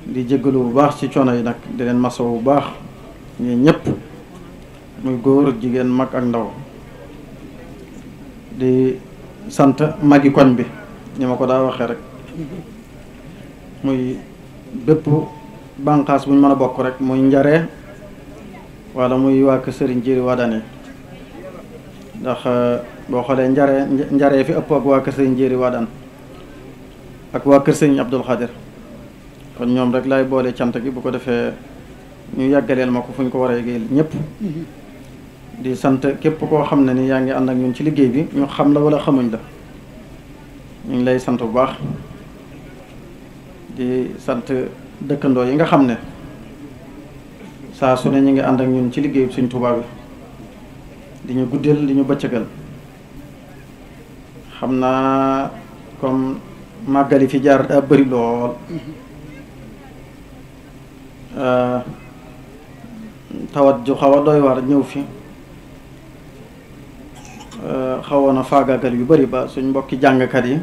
di jéggalu bu baax ci coono yi nag di leen masaw bu baax ñii ñëpp muy góor ak jigéen mag ak ndaw di sant magi koñ bi ni ma ko daa waxee rek muy bépp bànqaas bu ñu mën a bokk rek muy njare wala muy waa Sëriñ Jiri Wadane ndax eh, boo xoolee njare njaree fi ëpp ak waa kër sëñ Jéeri Waadaan ak waa kër sëñ Abdul Xadir kon ñoom rek laay boole cant gi bu ko defee ñu yàggaleel ma ko fu ñu ko war a yëgeel ñëpp mm-hmm. di sant képp koo xam ne ni yaa ngi ànd ak ñun ci liggéey bi ñu xam la wala xamuñ la ñu ngi lay sant bu baax di sant dëkkandoo yi nga xam ne saa su ne ñu ngi ànd ak ñun ci liggéey bi suñ Tuubaa di ñu guddeel di ñu bëccëgal xam naa comme màggali fi jaar daa bëri lool tawat ju xaw a doy waar ñëw fi xawoon a faagaagal yu bari ba suñ mbokki jàngkat yi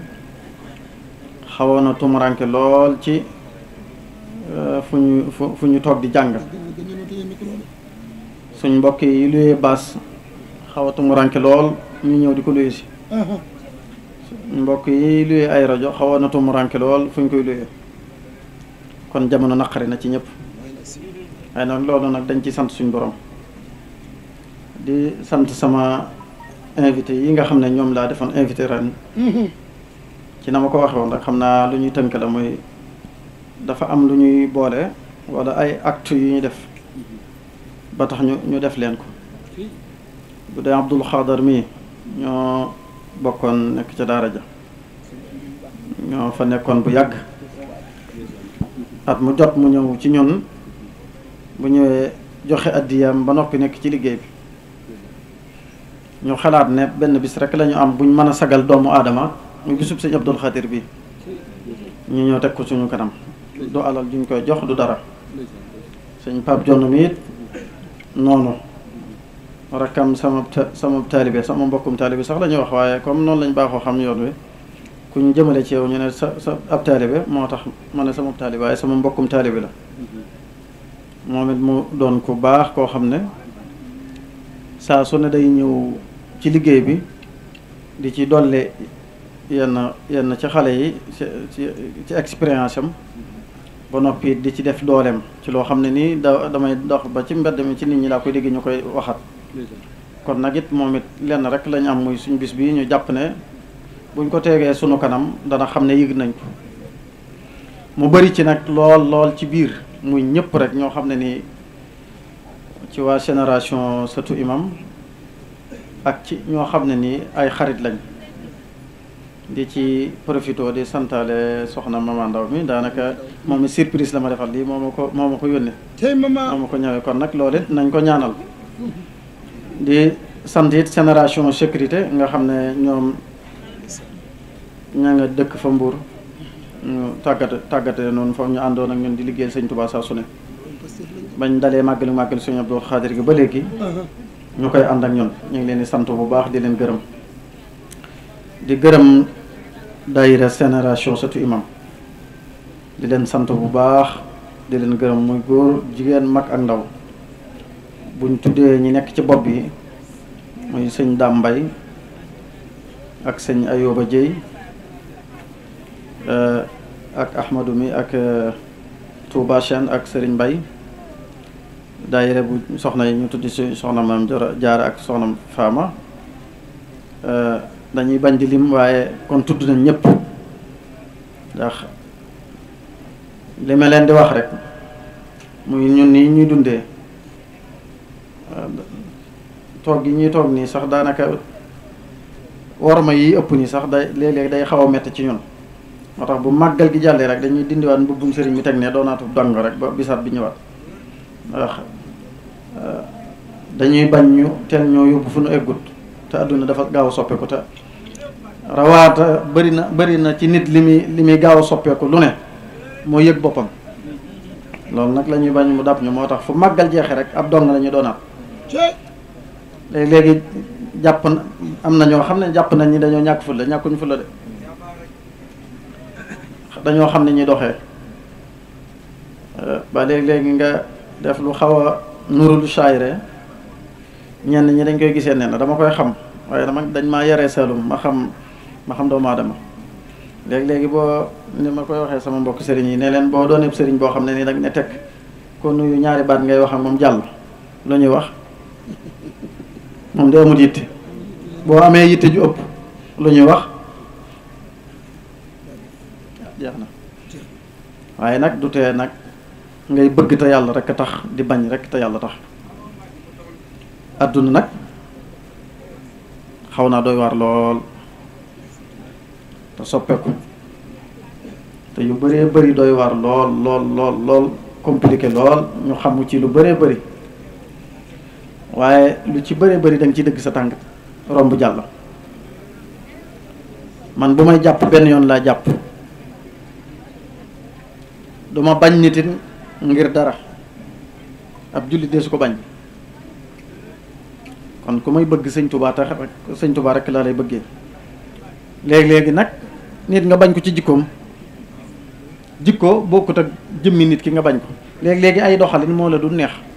xawoon a tumuranke lool ci fu ñu fu ñu toog di jàng suñ mbokk yi luyee baas xaw a tumuranke lool ñu ñëw di ko luye si mm-hmm. mbokk yi luye ay rajo xaw na tumuranke lool fu ñu koy luye kon jamono naqari na ci ñëpp waaye nag loolu nag dañ ci sant suñu boroom di sant sama invité yi nga xam ne ñoom laa defoon invité ren mm-hmm. ci na ma ko waxe rek xam naa lu ñuy tënk la mooy dafa am lu ñuy boole wala ay act yu ñuy def ba tax ñu ñu def leen ko bu dee Abdul Xaadar mii ñoo bokkoon nekk ca daara ja ñoo fa nekkoon bu yàgg at mu jot mu ñëw ci ñun bu ñëwee joxe addiyaam ba noppi nekk ci liggéey bi ñu xalaat ne benn bis rek lañu am buñ mën a sagal doomu aadama ñu gisub sëñ Abdul Xaadir bi ñu ñëw teg ko suñu kanam du alal duñ koy jox du dara sëñ Pape Jonn mi noonu rakkam sama sama taalibe sama mbokkum taalibe sax la ñuy wax waaye comme noonu lañu baaxoo xam yoon wi ku ñu jëmale ci yow ñu ne sa sa ab taalibe moo tax ma ne sama taalibe waaye sama mbokkum taalibe la moom it mu doon ku baax koo xam ne saa su ne day ñëw ci liggéey bi di ci dolli yenn yenn ci xale yi ci ci expérience am ba noppi di ci def doolem ci loo xam ne nii da damay dox ba ci mbedd mi ci nit ñi laa koy dégg ñu koy waxat kon nag it moom it lenn rek lañ am muy suñ bis bi ñu jàpp ne buñ ko teegee suñu kanam dana xam ne yëg nañ ko mu bari ci nag lool lool ci biir muy ñëpp rek ñoo xam ne nii ci waa génération sëtu imam ak ci ñoo xam ne nii ay xarit lañ di ci profito di santaale soxna mama ndaw mi daanaka moom mi surprise la ma defal lii moo a ko moo ma ko yónnee moo ma ko ñëwee kon nag loolu it nañ ko ñaanal di sant it sécurité nga xam ne ñoom ña nga dëkk fa Mbour ñu tàggate tàggate noonu foofu ñu àndoon ak ñun di liggéey sëñ Touba saa su ne bañ dalee màggalu màggal sëñ Abdou Khadir gi ba léegi ñu koy ànd ak ñun ñu ngi leen di sant bu baax di leen gërëm di gërëm daayira génération satu imam di leen sant bu baax di leen gërëm muy góor jigéen mag ak ndaw buñ tuddee ñi nekk ci bopp yi muy sëñ Dame Mbaye ak sëñ Ayoba Dieye euh, ak Ahmadou mi ak euh, Touba Chane ak Serigne Mbaye daayira bu soxna yi ñu tudd si soxna maam jaara ak soxna Fama euh, dañuy bañ di lim waaye kon tudd nañ ñëpp ndax li ma leen di wax rek muy ñu nii ñuy dundee toog gi ñuy toog nii sax daanaka worma yi ëpp nii sax day léeg-léeg day xaw a métti ci ñun moo tax bu màggal gi jàllee rek dañuy dindiwaat mbubbum sëriñ bi teg ne doonaatu dong rek ba bisaat bi ñëwaat ndax dañuy bañ ñu teel ñoo yóbbu fu nu eggut te àdduna dafa gaaw a soppeeku te rawaata bëri na bëri na ci nit li muy li muy gaaw a soppeeku lu ne moo yëg boppam loolu nag la ñuy bañ mu dàpp ñu moo tax fu màggal jeexee rek ab dong la ñu doonaat léegi léegi jàpp na am na ñoo xam ne jàpp nañ ñi dañoo ñàkk fulla ñàkkuñ fulla de dañoo xam ne ñuy doxee euh, ba léegi léegi nga def lu xaw a nuru lu saayre ñenn ñi dañ koy gisee nee na dama koy xam waaye dama dañ maa yaree Saalum ma xam ma xam doomu aadama léegi léegi boo ni ma koy waxee sama mbokk sëriñ yi ne leen boo doonee sëriñ boo xam ne nii nag ne tekk kon nuyu ñaari baat ngay wax ak moom jàll lu ñuy wax. moom day amut yitte boo amee yitte ju ëpp lu ñuy wax jeex na waaye nag du tee nag ngay bëgg te yàlla rek a tax di bañ rekk te yàlla tax adduna nag xaw naa doy war lool te soppeeku te yu bëree bëri doy waar lool lool lool lool lool ñu xamu ci lu baree bari waaye lu ci bëree bëri da nga ciy dëgg sa tànk romb jàll man bu may jàpp benn yoon laa jàpp duma bañ nitin ngir dara ab jullit dee su ko bañ kon ku may bëgg sëñ tubaa tax rek sëñ tubaa rek laa lay bëggee léegi-léegi nag nit nga bañ ko ci jikkoom jikko bokkut ak jëmmi nit ki nga bañ ko léegi-léegi ay doxalin moo la du neex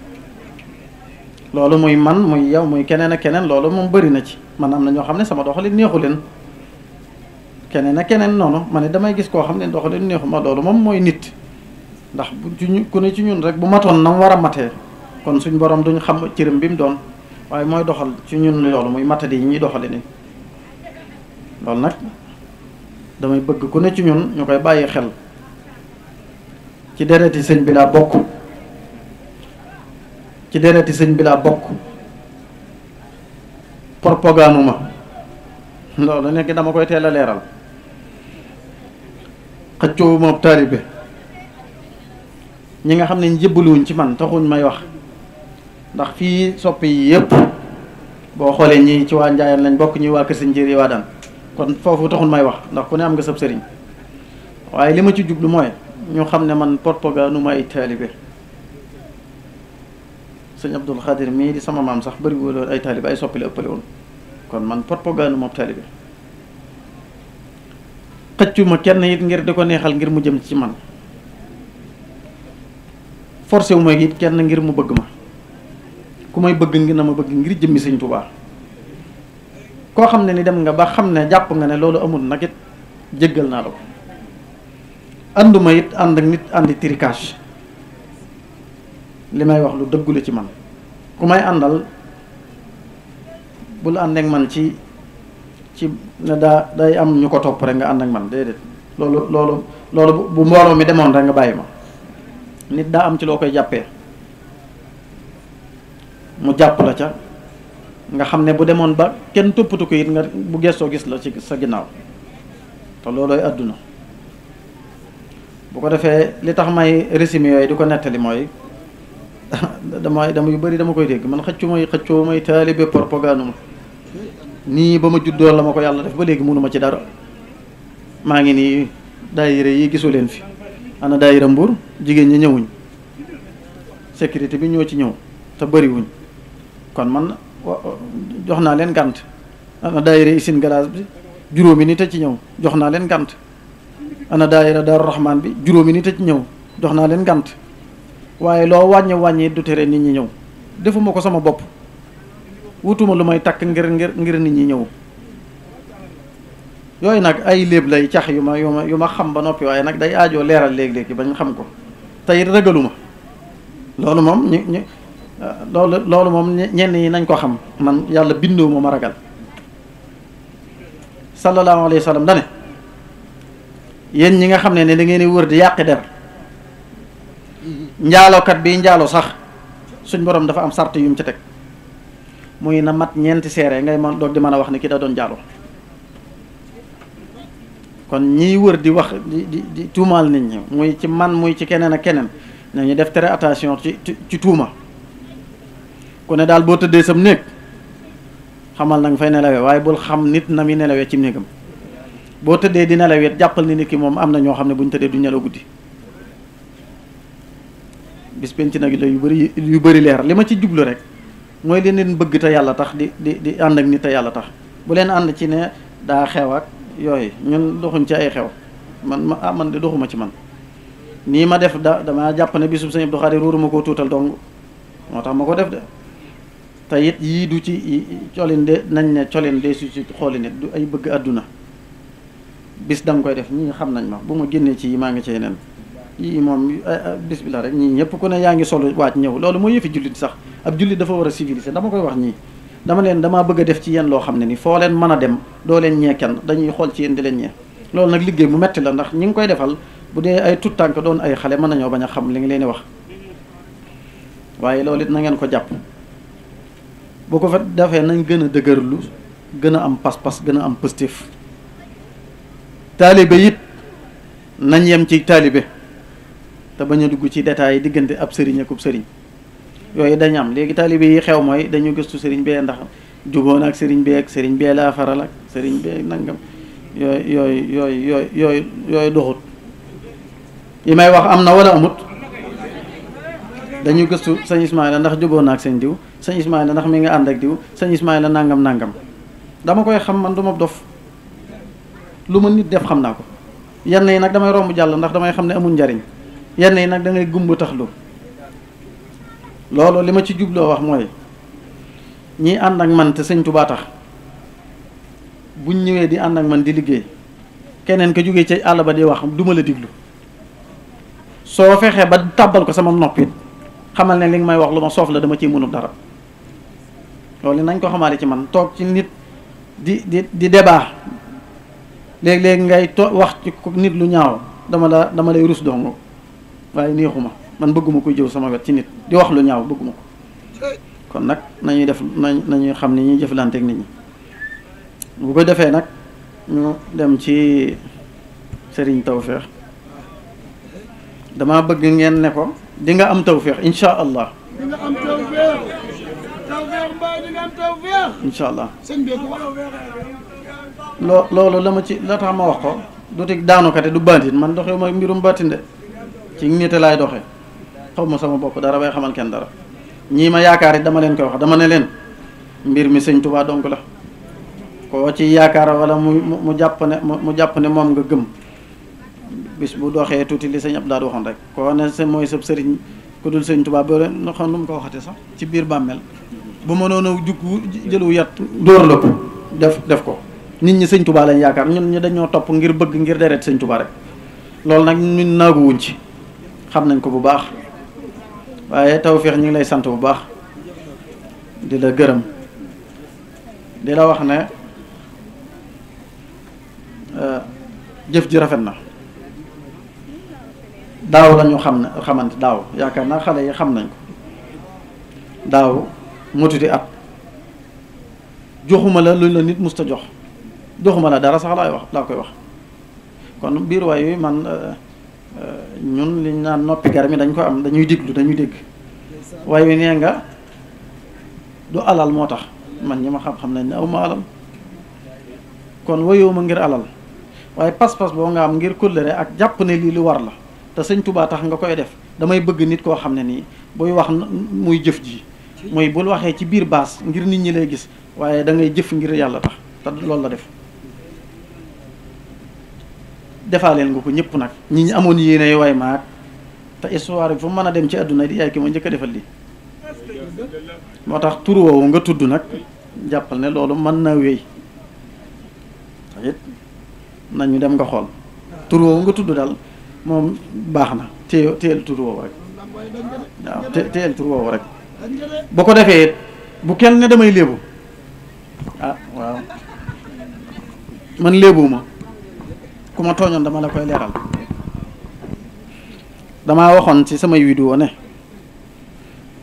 loolu muy man muy yow muy keneen ak keneen loolu moom bari na ci man am na ñoo xam ne sama doxalin neexu leen keneen ak keneen noonu ma ne damay gis koo xam ne doxalin neexu ma loolu moom mooy nit ndax bu ci ku ne ci ñun rek bu matoon na mu war a mate kon suñ borom duñ xam cërëm bi mu doon waaye mooy doxal ci ñun loolu muy matadi yi ñuy doxale ni loolu nag damay bëgg ku ne ci ñun ñu koy bàyyi xel ci dereti sëñ bi laa bokk ci dereti sëñ bi laa bokk propagande ma loolu nekk dama koy teel a leeral xëccoo moom taalibe ñi nga xam ne njëbbaluwuñ ci man taxuñ may wax ndax fii soppi yi yëpp boo xoolee ñii ci waa Njaayaan lañ bokk ñi waa Kër Sëñ Njëri waa daan kon foofu taxuñ may wax ndax ku ne am nga sab sëriñ waaye li ma ci jublu mooy ñu xam ne man propagande may taalibe sëñ Abdul Xaadir mii di sama maam sax bëri woon ay taalibe ay soppi ëppale woon kon man propagande moom taalibe xëccuma kenn it ngir di ko neexal ngir mu jëm ci man forcé wu ma kenn ngir mu bëgg ma ku may bëgg ngi na ma bëgg ngir jëmmi sëñ Tuubaa koo xam ne ni dem nga ba xam ne jàpp nga ne loolu amul nag it jéggal naa la ko ànduma it ànd ak nit àndi tricage li may wax lu dëggule ci man ku may àndal bul ànd man ci ci ne daa day am ñu ko topp rek nga ànd ak man déedéet loolu loolu loolu bu mbooloo mi demoon rek nga bàyyi ma nit daa am ci loo koy jàppee mu jàpp la ca nga xam ne bu demoon ba kenn toppatu ko it nga bu gestoo gis la ci sa ginnaaw te loolooy àdduna bu ko defee li tax may résumé yooyu du ko nettali mooy *laughs* damay dama yu bëri dama koy dégg man xëccu may xëccoo may taalibe propagande ma nii ba ma juddoo la ma ko yàlla def ba léegi mënu ma ci dara maa ngi nii daayira yi gisu leen fi ana daayira Mbour jigéen ñi ñëwuñ sécurité bi ñoo ci ñëw te bëriwuñ kon man jox naa leen gànt ana daayira Isine Galaas bi juróomi nit a ci ñëw jox naa leen gànt ana daayira Daaru Rahman bi juróomi nit a ci ñëw jox naa leen gant waaye loo wàññi wàññi du tere nit ñi ñëw defuma ko sama bopp wutuma lu may takk ngir ngir ngir nit ñi ñëw yooyu nag ay léeb lay cax yu ma yu ma xam ba noppi waaye nag day ajoo leeral léeg-léegi bañ xam ko tey rëgaluma loolu moom ñu ñu loolu loolu moom ñenn yi nañ ko xam man yàlla bindoo ma ma ragal sallallahu alayhi wa sallam dane yéen ñi nga xam ne ne da ngeen di wër di yàqi der njaalookat bi njaaloo sax suñ borom dafa am sart yum ci teg muy na mat ñeenti seere ngay man doog di mën a wax ni ki da doon njaaloo kon ñiy wër di wax di di tuumaal nit ñi muy ci man muy ci keneen ak keneen nañu def très attention ci ci tuuma ku ne daal boo tëddee sam néeg xamal na nga fay nelawee waaye bul xam nit na muy nelawee ci néegam boo tëddee di nelawee jàppal ni nit ki moom am na ñoo xam ne bu ñu tëddee du nelaw guddi bis penc nag yu bari yu bari leer li ma ci jublu rek mooy leen bëgg te yàlla tax di di di ànd ak nit te yàlla tax bu leen ànd ci ne daa xew ak yooyu ñun doxuñ ci ay xew man ma ah man de doxuma ci man nii ma def da damaa jàpp ne bisub sëñ Abdou Khadir ruuruma koo tuutal dong moo tax ma ko def de te it yii du ci colin de nañ ne colin de su ci xooli nit du ay bëgg àdduna bis danga koy def ñi xam nañ ma bu ma génnee ci yi maa ngi ci yeneen yii moom bis la rek ñii ñëpp ku ne yaa ngi solo waaj ñëw loolu mooy yëfi jullit sax ab jullit dafa war a civilisé dama koy wax ñii dama leen damaa bëgg a def ci yéen loo xam ne ni foo leen mën a dem doo leen ñee kenn dañuy xool ci yéen di leen ñee loolu nag liggéey bu metti la ndax ñi ngi koy defal bu dee ay tut tànk doon ay xale mën nañoo bañ a xam li nga leen di wax waaye loolu it na ngeen ko jàpp boo ko fa defee nañ gën a dëgërlu gën a am pas-pas gën a am positif taalibe it nañ yem ci taalibe te bañ a dugg ci détails yi diggante ab sëriñ ak ub sëriñ yooyu dañ am léegi taalibe yi xew mooy dañu gëstu sëriñ bee ndax jubóon ak sëriñ bee ak sëriñ bee laa faral ak sëriñ nangam yooyu yooyu yooyu yooyu yooyu yooyu doxut yi may wax am na wala amut dañu gëstu sëñ Ismaila ndax jubóon na ak sëñ diw sëñ Ismaila ndax mi nga ànd ak diw sëñ Ismaila nangam nangam dama koy xam man du dof lu ma nit def xam naa ko yenn yi nag damay romb jàll ndax damay xam ne amul njariñ yenn yi nag dangay gumb gumba taxlu loolu li ma ci jubloo wax mooy ñii ànd ak man te sëñ Tuubaa tax buñ ñëwee di ànd ak man di liggéey keneen ka jógee ci àll ba di wax duma la diglu soo fexee ba tàbbal ko sama noppit xamal ne li nga may wax lu ma soof la dama ciy mënul dara loolu nañ ko xamaale ci man toog ci nit di di di debaa léeg-léeg ngay to wax ci nit lu ñaaw dama da dama lay ruus dong waaye neexuma man bëgguma ko jëw sama wet ci nit di wax lu ñaaw bëgguma ko kon nag nañuy def nañ nañuy xam ni ñuy jëflanteeg nit ñi bu ko defee nag ñu dem ci sëriñ tawféex dama bëgg ngeen ne ko di nga am tawféex incha allah di nga am tawféex sëñ bi loo loolu la ma ci la tax ma wax ko du tig daanu kate du baatin man doxew ma mbirum baatin ci nite laay doxe xaw ma sama bopp dara bay xamal kenn dara ñii ma yaakaar it dama leen koy wax dama ne leen mbir mi sëñ tubaa donc la ko ci yaakaar wala mu mu jàpp ne mu jàpp ne moom nga gëm bis bu doxee tuuti li sëñ Abdou waxoon rek koo ne sa mooy sab sëriñ ku dul sëñ tubaa boo leen xam nu mu ko waxate sax ci biir bàmmeel bu mënoon a jug jëlu yat dóor la def def ko nit ñi sëñ Tuubaa lañ yaakaar ñun ñu dañoo topp ngir bëgg ngir deret sëñ Tuubaa loolu nag ñun naaguwuñ ci xam nañ ko bu baax waaye taw feex ñu ngi lay sant bu baax di la gërëm di la wax ne euh, jëf ji rafet na daaw la ñu xam ne xamante daaw yaakaar naa xale yi xam nañ ko daaw motudi at joxuma la luñ la nit musta jox joxuma la dara sax laay wax laa koy wax kon biir waay yooyu man euh, ñun liñ naan noppi gar mi dañ ko am dañuy diglu dañuy dégg waaye nee nga du alal moo tax man ñi ma xam-xam ne aw ma alal kon wayoo ma ngir alal waaye pas-pas boo nga am ngir kóllëre ak jàpp ne lii lu war la te sëñ Tuubaa tax nga koy def damay bëgg nit koo xam ne nii buy wax muy jëf ji mooy bul waxee ci biir baas ngir nit ñi lay gis waaye da ngay jëf ngir yàlla tax te loolu la def defaaleel nga ko ñëpp nag ñi ñu amoon yéene way maag te histoire bi fu mën a dem ci àdduna di yaay ki ma njëkk defal lii moo tax tur nga tudd nag jàppal ne loolu mën naa wéy it nañu dem nga xool tur nga tudd dal moom baax na téye téyel tur woowu rek waaw téyel tur woowu rek bu ko defee bu kenn ne damay léebu ah waaw man léebu ku ma tooñoon dama la koy leeral damaa waxoon ci samay vidéo ne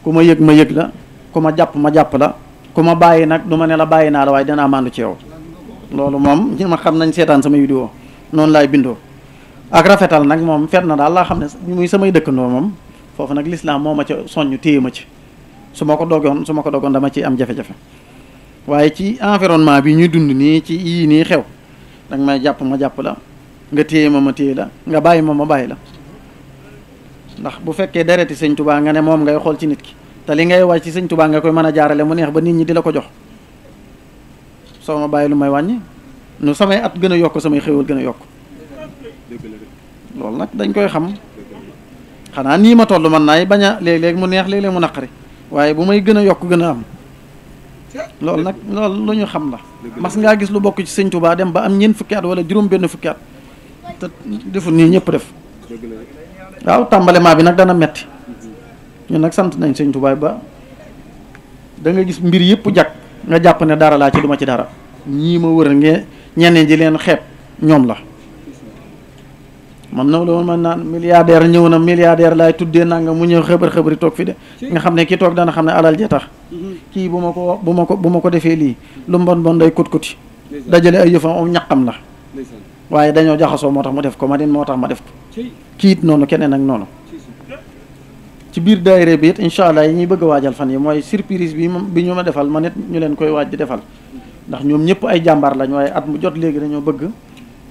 ku ma yëg ma yëg la ku ma jàpp ma jàpp la ku ma bàyyi nag du ma ne la bàyyi naa la waaye dinaa màndu ci yow loolu moom ñi ma xam nañ seetaan samay vidéo noonu laay bindoo ak rafetal nag moom fet na daal laa xam ne muy samay dëkkandoo moom foofu nag lislaam moom ma ca soññ téye ma ci su ma ko dogoon su ma ko dogoon dama ci am jafe-jafe waaye ci environnement bi ñuy dund nii ci yii nii may jàpp ma jàpp la nga téye ma ma téye la nga bàyyi ma ma bàyyi la ndax bu fekkee dereti sëñ tubaa nga ne moom ngay xool ci nit ki te li ngay wàcc ci sëñ tubaa nga koy mën a jaarale neex ba nit ñi di ko jox soo bàyyi lu may wàññi nu samay at gën a yokk samay xéwal gën a yokk loolu nag dañ koy xam xanaa nii ma toll man naay bañ a léeg mu neex léeg-léeg mu naqari waaye bu may gën a yokk gën a am loolu nag loolu lu ñu xam la mas ngaa gis lu bokk ci sëñ tubaa dem ba am ñeen fukki at wala juróom benn fukki at te deful nii ñëpp def waaw tàmbalema bi nag dana metti ñun nag sant nañ sëñ Tuubaa ba da gis mbir yëpp jag nga jàpp ne dara laa ci duma ci dara ñii ma wër ngee ñeneen ji leen xeeb ñoom la man na la woon man naan milliardaire ñëw na milliardaire laay tuddee nanga mu ñëw xëbar xëbari toog fi de nga xam ne ki toog dana xam ne alal ja tax mm-hmm. kii bu ma ko bu ma ko bu ma ko defee lii lu mbon bon day kut kuti dajale ay yëfam am ñaqam la waaye dañoo jaxasoo moo tax mu def ko ma din moo tax ma def ko kiit noonu keneen ak noonu ci biir daayira bi it incha allah yi ñuy bëgg waajal fan yi mooy surprise bi bi ñu ma defal man it ñu leen koy waaj di defal ndax ñoom ñëpp ay jàmbaar lañ waaye at mu jot léegi dañoo bëgg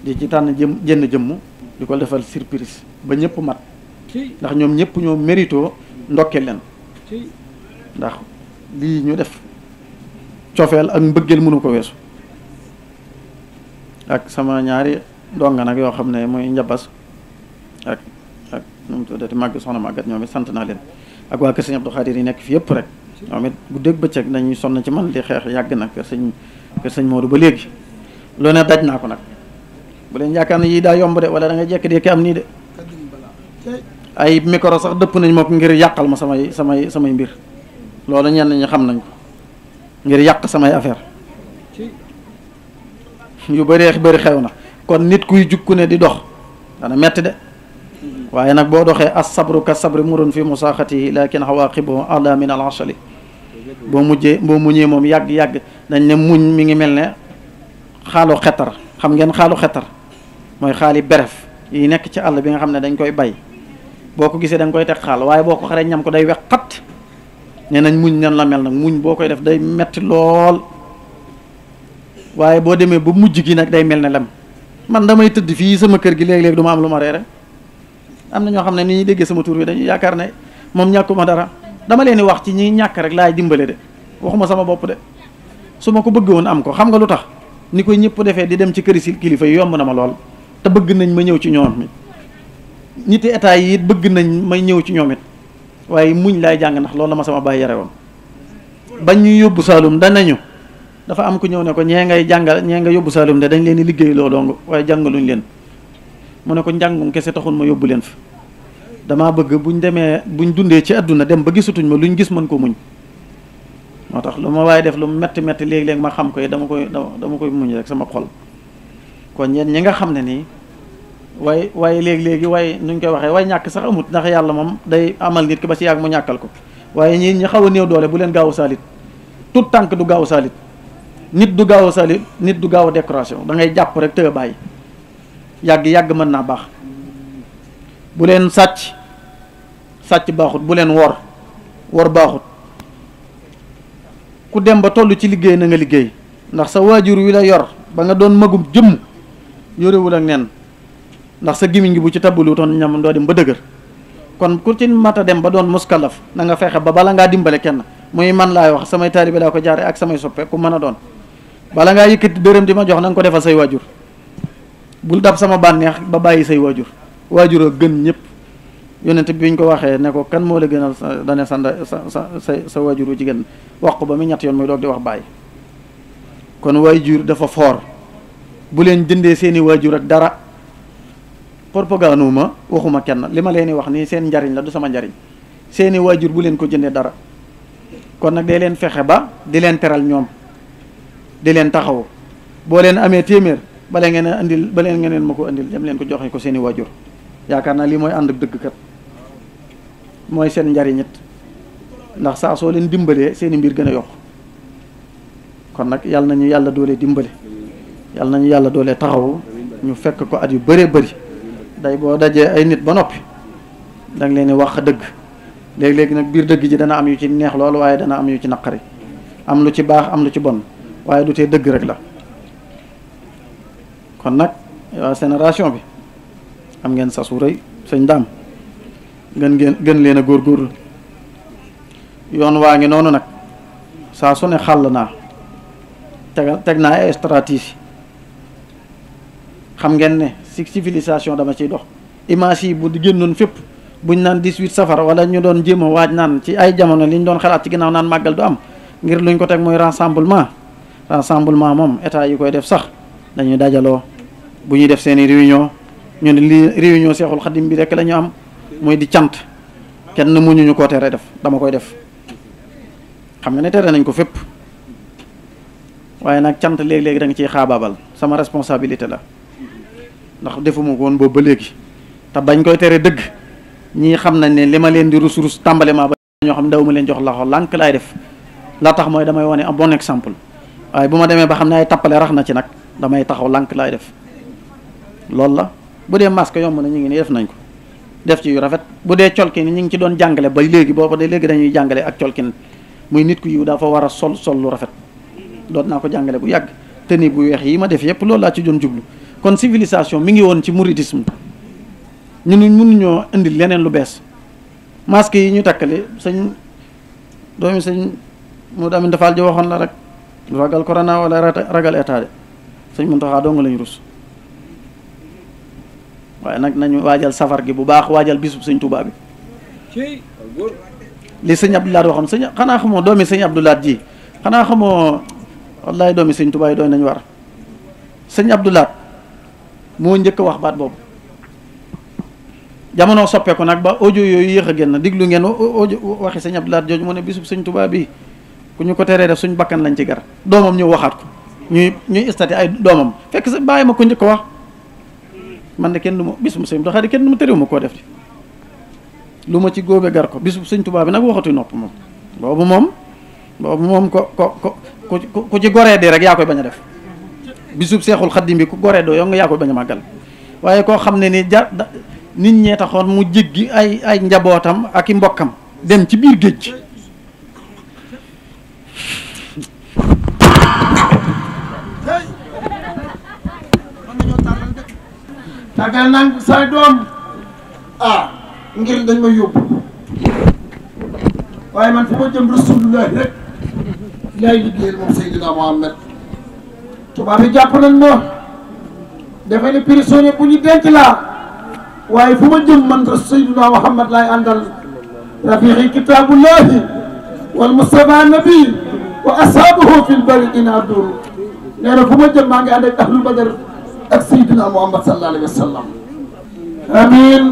di ci tànn jëm jënn jëmm di ko defal surprise ba ñëpp mat ndax ñoom ñëpp ñoo mérito ndokke leen ndax lii ñu def cofeel ak mbëggeel mënu ko weesu ak sama ñaari donga nag yoo xam ne muy njabas ak ak nu mu tuddati màgg soxna màggat ñoom it sant naa leen ak waa kër sëñ Abdou Khadir yi nekk fi yëpp rek ñoom it guddeeg bëccëg dañuy sonn ci man di xeex yàgg na kër sëñ kër sëñ ba léegi loo ne daj naa ko nag bu leen yaakaar ne yii daa yomb de wala dangay jekki jekk de am nii de ay micro sax dëpp nañ ma ngir yàqal ma samay samay samay mbir loolu ñenn ñi xam nañ ko ngir yàq samay affaire yu bareex bari xew na kon nit kuy jukku ne di dox dana metti de waaye nag boo doxee as sabru ka sabri murun fi musaaxatihi lakin xawaaqibu ala min al asali boo mujjee boo muñee moom yàgg-yàgg dañ ne muñ mi ngi mel ne xaalu xetar xam ngeen xaalu xetar mooy xaali beref yi nekk ci àll bi nga xam ne dañ koy bay boo ko gisee da koy teg xaal waaye boo ko xaree ñam ko day xat nee nañ muñ nan la mel nag muñ boo koy def day metti lool waaye boo demee ba mujj gi nag day mel ne lem man damay tëdd fii sama kër gi léeg-léeg du ma am lu ma reere am na ñoo xam ne ni ñuy déggee sama tur bi dañuy yaakaar ne moom ñàkkuma dara dama leen di wax ci ñi ñàkk rek laay dimbale de waxuma sama bopp de su ma ko bëgg woon am ko xam nga lu tax ni koy ñëpp defee di dem ci këri si kilifa yomb na ma lool te bëgg nañ ma ñëw ci ñoom it niti état yi it bëgg nañ may ñëw ci ñoom it waaye muñ laay jàng ndax loolu la ma sama bàyyi yare woon bañ ñu yóbbu Saalum danañu dafa am ko ñëw ne ko ñee ngay jàngal ñee nga yóbbu Saalum de dañ leen di liggéey loo dong waaye jàngaluñ leen mu ne ko njàngum kese taxul ma yóbbu leen fa damaa bëgg bu ñu demee buñ dundee ci àdduna dem ba gisutuñ ma lu ñu gis man ko muñ moo tax lu ma waaye def lu metti metti léegi-léegi ma xam ko koy dama koy dama koy muñ rek sama xol kon yéen ñi nga xam ne nii waaye waaye léegi-léegi waaye nuñ koy waxee waaye ñàkk sax amut ndax yàlla moom day amal nit ki ba si yàgg mu ñàkkal ko waaye ñi ñi xaw a néew doole bu leen gaaw saalit tout tànk du gaaw saalit nit du gaaw a salib nit du gaaw a décoration da ngay jàpp rek te bàyyi yàgg yàgg mën naa baax bu leen sàcc sàcc baaxut bu leen wor wor baaxut ku dem ba toll ci liggéey na nga liggéey ndax sa waajur wi la yor ba nga doon magum jëmm yorewul ak nen ndax sa gimiñ gi bu ci tabbalu toon ñam doo dem ba dëgër kon ku ci mata dem ba doon muskalaf na nga fexe ba bala ngaa dimbale kenn muy man laay wax samay taalibe laa ko jaare ak samay soppee ku mën a doon bala ngaa yëkkati dërëm di ma jox na ko defal say waajur bul dab sama bànneex ba bàyyi say waajur waajur a gën ñëpp yonent bi ñu ko waxee ne ko kan moo la gënal sa dane sa sa sa sa waajur wu jigéen wax ko ba mu ñett yoon muy doog di wax bàyyi kon waajur dafa foor bu leen jëndee seeni waajur ak dara propagande ma waxuma kenn li ma leen di wax nii seen njariñ la du sama njariñ seeni waajur bu leen ko jëndee dara kon nag day leen fexe ba di leen teral ñoom di leen taxaw boo leen amee téeméer bale ngeen a andil bale ngeen ma ko indil dem leen ko joxe ko seeni wajur yaakaar naa lii mooy ànd dëgg kat mooy seen njariñit ndax saa soo leen dimbalee seen i mbir gën a yokk kon nag yàlla nañu yàlla doole dimbale yàlla nañu yàlla doole taxaw ñu fekk ko at yu bëree bari day boo dajee ay nit ba noppi da leen wax dëgg léeg-léegi nag biir dëgg ji dana am yu ci neex loolu waaye dana am yu ci naqari am lu ci baax am lu ci bon waaye du tee dëgg rek la kon nag waa sénération bi am ngeen sasu rëy sëñ daam gën ngeen gën leen a góorgóorlu yoon waa ngi noonu nag saa su ne xàll naa tegal teg naa ay stratégie xam ngeen ne si civilisation dama ciy dox image yi bu génnoon fépp buñ naan 18 safar wala ñu doon jéem a waaj naan ci ay jamono li ñu doon xalaat ci ginnaaw naan màggal du am ngir luñ ko teg mooy rassemblement rassemblement moom état yi koy def sax dañuy dajaloo bu ñuy def seeni réunion ñu ne li réunion seexul xadim bi rek la am mooy di cant kenn muñuñu koo tere def dama koy def xam nga ne tere nañ ko fépp waaye nag cant léegi-léegi da nga ciy xaabaabal sama responsabilité la ndax defuma ko woon boobu ba léegi te bañ koy tere dëgg ñii xam nañ ne li ma leen di rus rus tàmbale maa ba ñoo xam ne daw ma leen jox loxo lank laay def la tax mooy damay wane un bon exemple waaye bu ma demee ba xam ne ay tappale rax na ci nag damay taxaw lànk laay def loolu la bu dee masque yomb na ñu ngi nii def nañ ko def ci yu rafet bu dee colkin ñu ngi ci doon jàngale ba léegi booba de léegi dañuy jàngale ak colkin muy nit ku yiw dafa war a sol sol lu rafet doon naa ko jàngale bu yàgg te nii bu weex yi ma def yépp loolu laa ci doon jublu kon civilisation mi ngi woon ci mouridisme ñu ni mënuñoo indi leneen lu bees masque yi ñu takkali sëñ doomi sëñ mu damin dafaal ji waxoon la rek du ragal corona wala ragal état de sëñ Muntaxa dong lañ rus waaye nag nañu waajal safar gi bu baax waajal bisub sëñ Tuubaa bi li sëñ Abdoulaat waxoon sëñ xanaa xamoo doomi sëñ Abdoulaat ji xanaa xamoo wallaay doomi sëñ Tuubaa yi doy nañu war sëñ abdulaat moo njëkk wax baat boobu jamono soppeeku nag ba audio yooyu yéex a génn diglu ngeen audio waxi sëñ Abdoulaat jooju mu ne bisub sëñ Tuubaa bi ku ñu ko teree def suñu bakkan lañ ci gar doomam ñu waxaat ko ñuy ñuy istati ay doomam fekk sa bàyyi ma ko njëkk wax man de kenn du ma bis bu sëñ doxali kenn du ma tëriw ma koo def lu ma ci góobe gar ko bis bu tubaab bi nag waxatuy nopp moom boobu moom boobu moom ko ko ko ku ci goree dee rek yaa koy a def bisub seexul xaddim bi ku goree doo yow nga yaa koy bañ a màggal waaye koo xam ne ni jar nit ñee taxoon mu jéggi ay ay njabootam ak i mbokkam dem ci biir géej tagal naa say doom ah, ngir dañ ma yóbbu waaye man fu ma jëm rasulullah rek yaay liggéeyal moom Seydina Mohamed tubaab yi jàpp nañ ma defe ne prisonnier bu ñu denc laa waaye fu ma jëm man ra Seydina Mohamed laay àndal rafiqi kitaabullahi wal mustafa nabi wa ashabuhu fil barri dina dóor nee na fu ma jëm maa ngi ànd ak badar ak Seydina Muhammad sallallahu alayhi wa sallam amiin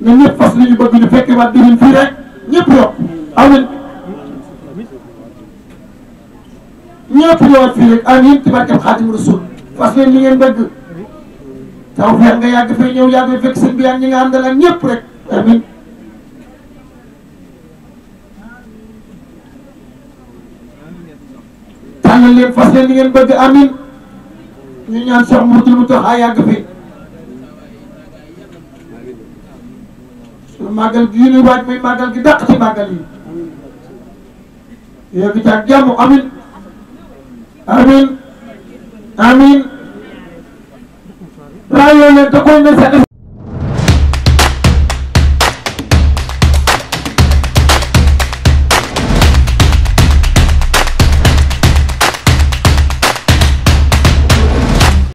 na ñëpp fas li ñu bëgg ñu fekke waat déwén fii rek ñëpp yokk amiin ñëpp ñëwaat fii rek amiin ci barkeb Xaadimu fas leen li ngeen bëgg taw feex nga yàgg fee ñëw yàgg fekk seen bi ak ñi nga àndal ak ñëpp rek amiin tànnal leen fas leen li ngeen bëgg amiin ñu ñaan Cheikh Mouhamadou Mountakha yàgg fi màggal gi yi ñuy waaj muy màggal gi dàq ci màggal yi yegg ca ak amin amin amin raayoo leen da koy ne sa